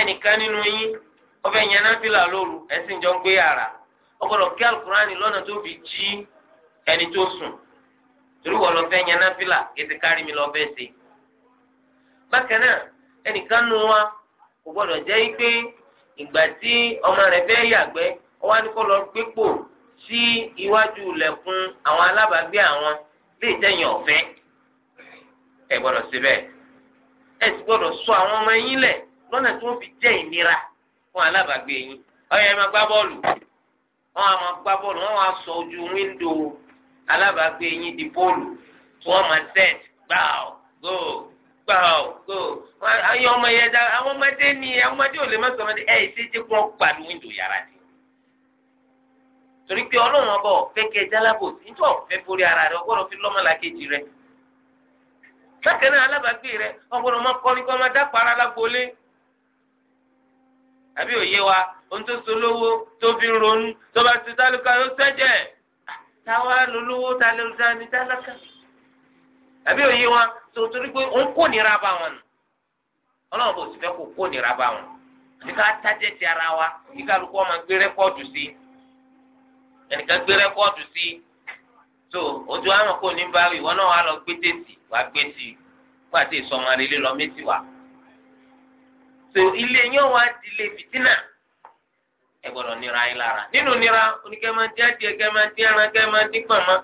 ẹnìkan nínú yín ọbẹ̀ yẹn náà fi là lóru ẹ̀ jọ ń gbé yàrá ọgbọ́dọ̀ kí alukurani lọ́nà tó fi jí ẹni tó sùn torí wọ́n lọ fẹ́ yẹn náà fi là ètè kárí mi lọ fẹ́ ṣe bákan náà ẹnìkan nu wa kò gbọdọ̀ jẹ́ pé ìgbà tí ọmọ rẹ̀ fẹ́ yàgbẹ́ ó wá ní kó lọ gbépò sí iwájú ilẹ̀kùn àwọn alábàágbé àwọn lè jẹ́yìn ọ̀fẹ́ ẹ gbọdọ̀ síbẹ̀ ẹ sì gbọdọ̀ sọ àwọn ọmọ yín lẹ̀ lọ́nà tí wọ́n fi jẹ́ ìnira fún alábàágbé yín ọyọ ẹ máa gbá bọ́ọ̀lù wọ́n á máa gbá bọ́ọ̀lù wọ́n á sọ ojú wíńdò alábàágbé yín di bọ́ọ̀lù tí wọ́n máa set gbáà góò gbà ọ tó ayé ọmọ yẹn dá àwọn ọmọdé ni ọmọdé ò lè má ẹ ẹ ṣe jẹ yara ní wíńdò yàrá ni torí pé ara rẹ ọgbọ́dọ̀ fi rẹ bákan náà alábàágbé rẹ ọgbọ́dọ̀ kọ́ dápọ̀ ara àbí òye wa ohun tó so lówó tó fi ronú tó bá ti tálùkà yóò sẹ́jẹ̀ táwa lólówó torí pé òun kò nira bá wọn nù ọlọ́run bò sì fẹ́ kó nira bá wọn àti ká tájẹ́ ti ara wa kí kálukú ọmọ gbé rẹ́kọ́ọ̀dù sí ẹnìkan gbé rẹ́kọ́ọ̀dù sí tó ojú àwọn kò ní bá ìwọ náà wà lọ gbé tètè wà wà tè lé lọ méjì wà nira yín lára nínú nira oníkẹ́ máa ń díẹ̀ díẹ̀ kẹ́ máa ń díẹ̀ kẹ́ máa ń dín pàmò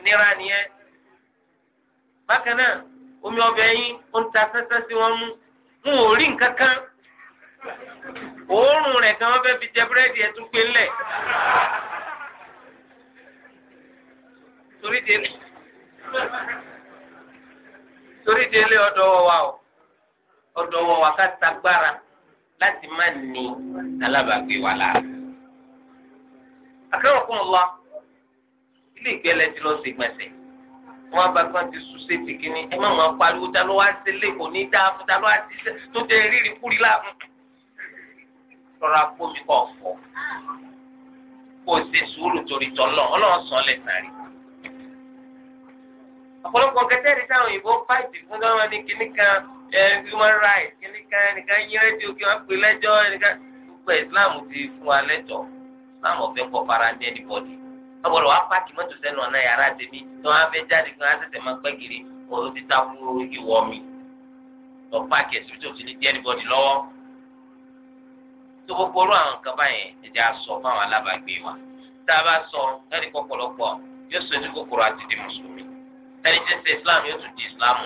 ìnira nìyẹn bákan náà omi ọbẹ yín ń ta sẹ́sẹ́ sí wọn mú wọn ò rí nǹkan kan òórùn rẹ̀ gan fi jẹ búrẹ́dì ẹ̀ tún gbé torí délé torí délé ọ̀dọ̀ ká tagbára láti má ní alábàágbé ilé ìgbẹ́lẹ̀ ti lọ sí gbẹ̀sẹ̀ wọn bá gbọ́n ti sùn sétí kínní ẹ má mọ̀ pariwo ta ló wá sílé kò ní dáa fún ta ló wá ti sẹ́ tó jẹ́ rírì kúri láàmú. rọra kómi kọ̀ fọ́ kó o ṣe sùúrù torí tọ́lọ̀ ọlọ́run sàn lẹ̀ sáré. ọ̀pọ̀lọpọ̀ kẹtẹ́rì táwọn òyìnbó fáìtì fún dáwọn ní kínní kan eh, human rights kínní kan nìkan yín rédíò kí wọ́n pè lẹ́jọ́ nìkan gbogbo Islam ti fún wa lẹ́jọ́ Islam ọ̀fẹ́ kọ́ fara ní ọgbọ̀dọ̀ wá pààkì mọ́tò sẹ́nu ọ̀nà yàrá tèmi tí wọ́n á fẹ́ jáde kí wọ́n á tẹ̀sẹ̀ máa pẹ́ kiri òun ti takú ìwọ mi lọ pààkì ẹ̀sìn tó fi ní jẹ́ ẹnìbọ̀dì lọ́wọ́ tó gbogbo orú àwọn nǹkan báyẹn ẹ̀jẹ̀ á sọ fáwọn alábàágbé wa tá a bá sọ ẹnì kọ́pọ̀lọpọ̀ yóò sojú kòkòrò àti di mùsùlùmí ẹni tí ń ṣe islam yóò tún di islam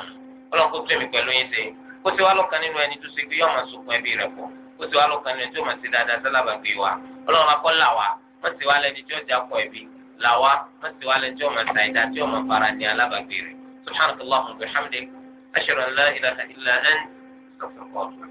ọlọ́run kó tún èmi pẹ̀lú yín ṣe kó sì wá lọ́kàn nínú ẹni tó ṣe pé yóò máa sunkún ẹbí rẹ̀ pọ̀ kó sì wá lọ́kàn nínú ẹni tó máa ṣe dáadáa sálábàgbé wa ọlọ́run akọ́ là wa wọ́n sì wá lẹ́ni tí ó jà pọ̀ ẹbí làwa wọ́n ti wá lẹ́jọ́ ọmọ ṣàìdá tí ọmọ fara ní alábàgbé rẹ̀ subhanakallahumma wa bihamdik ashhadu an ilaha illa anta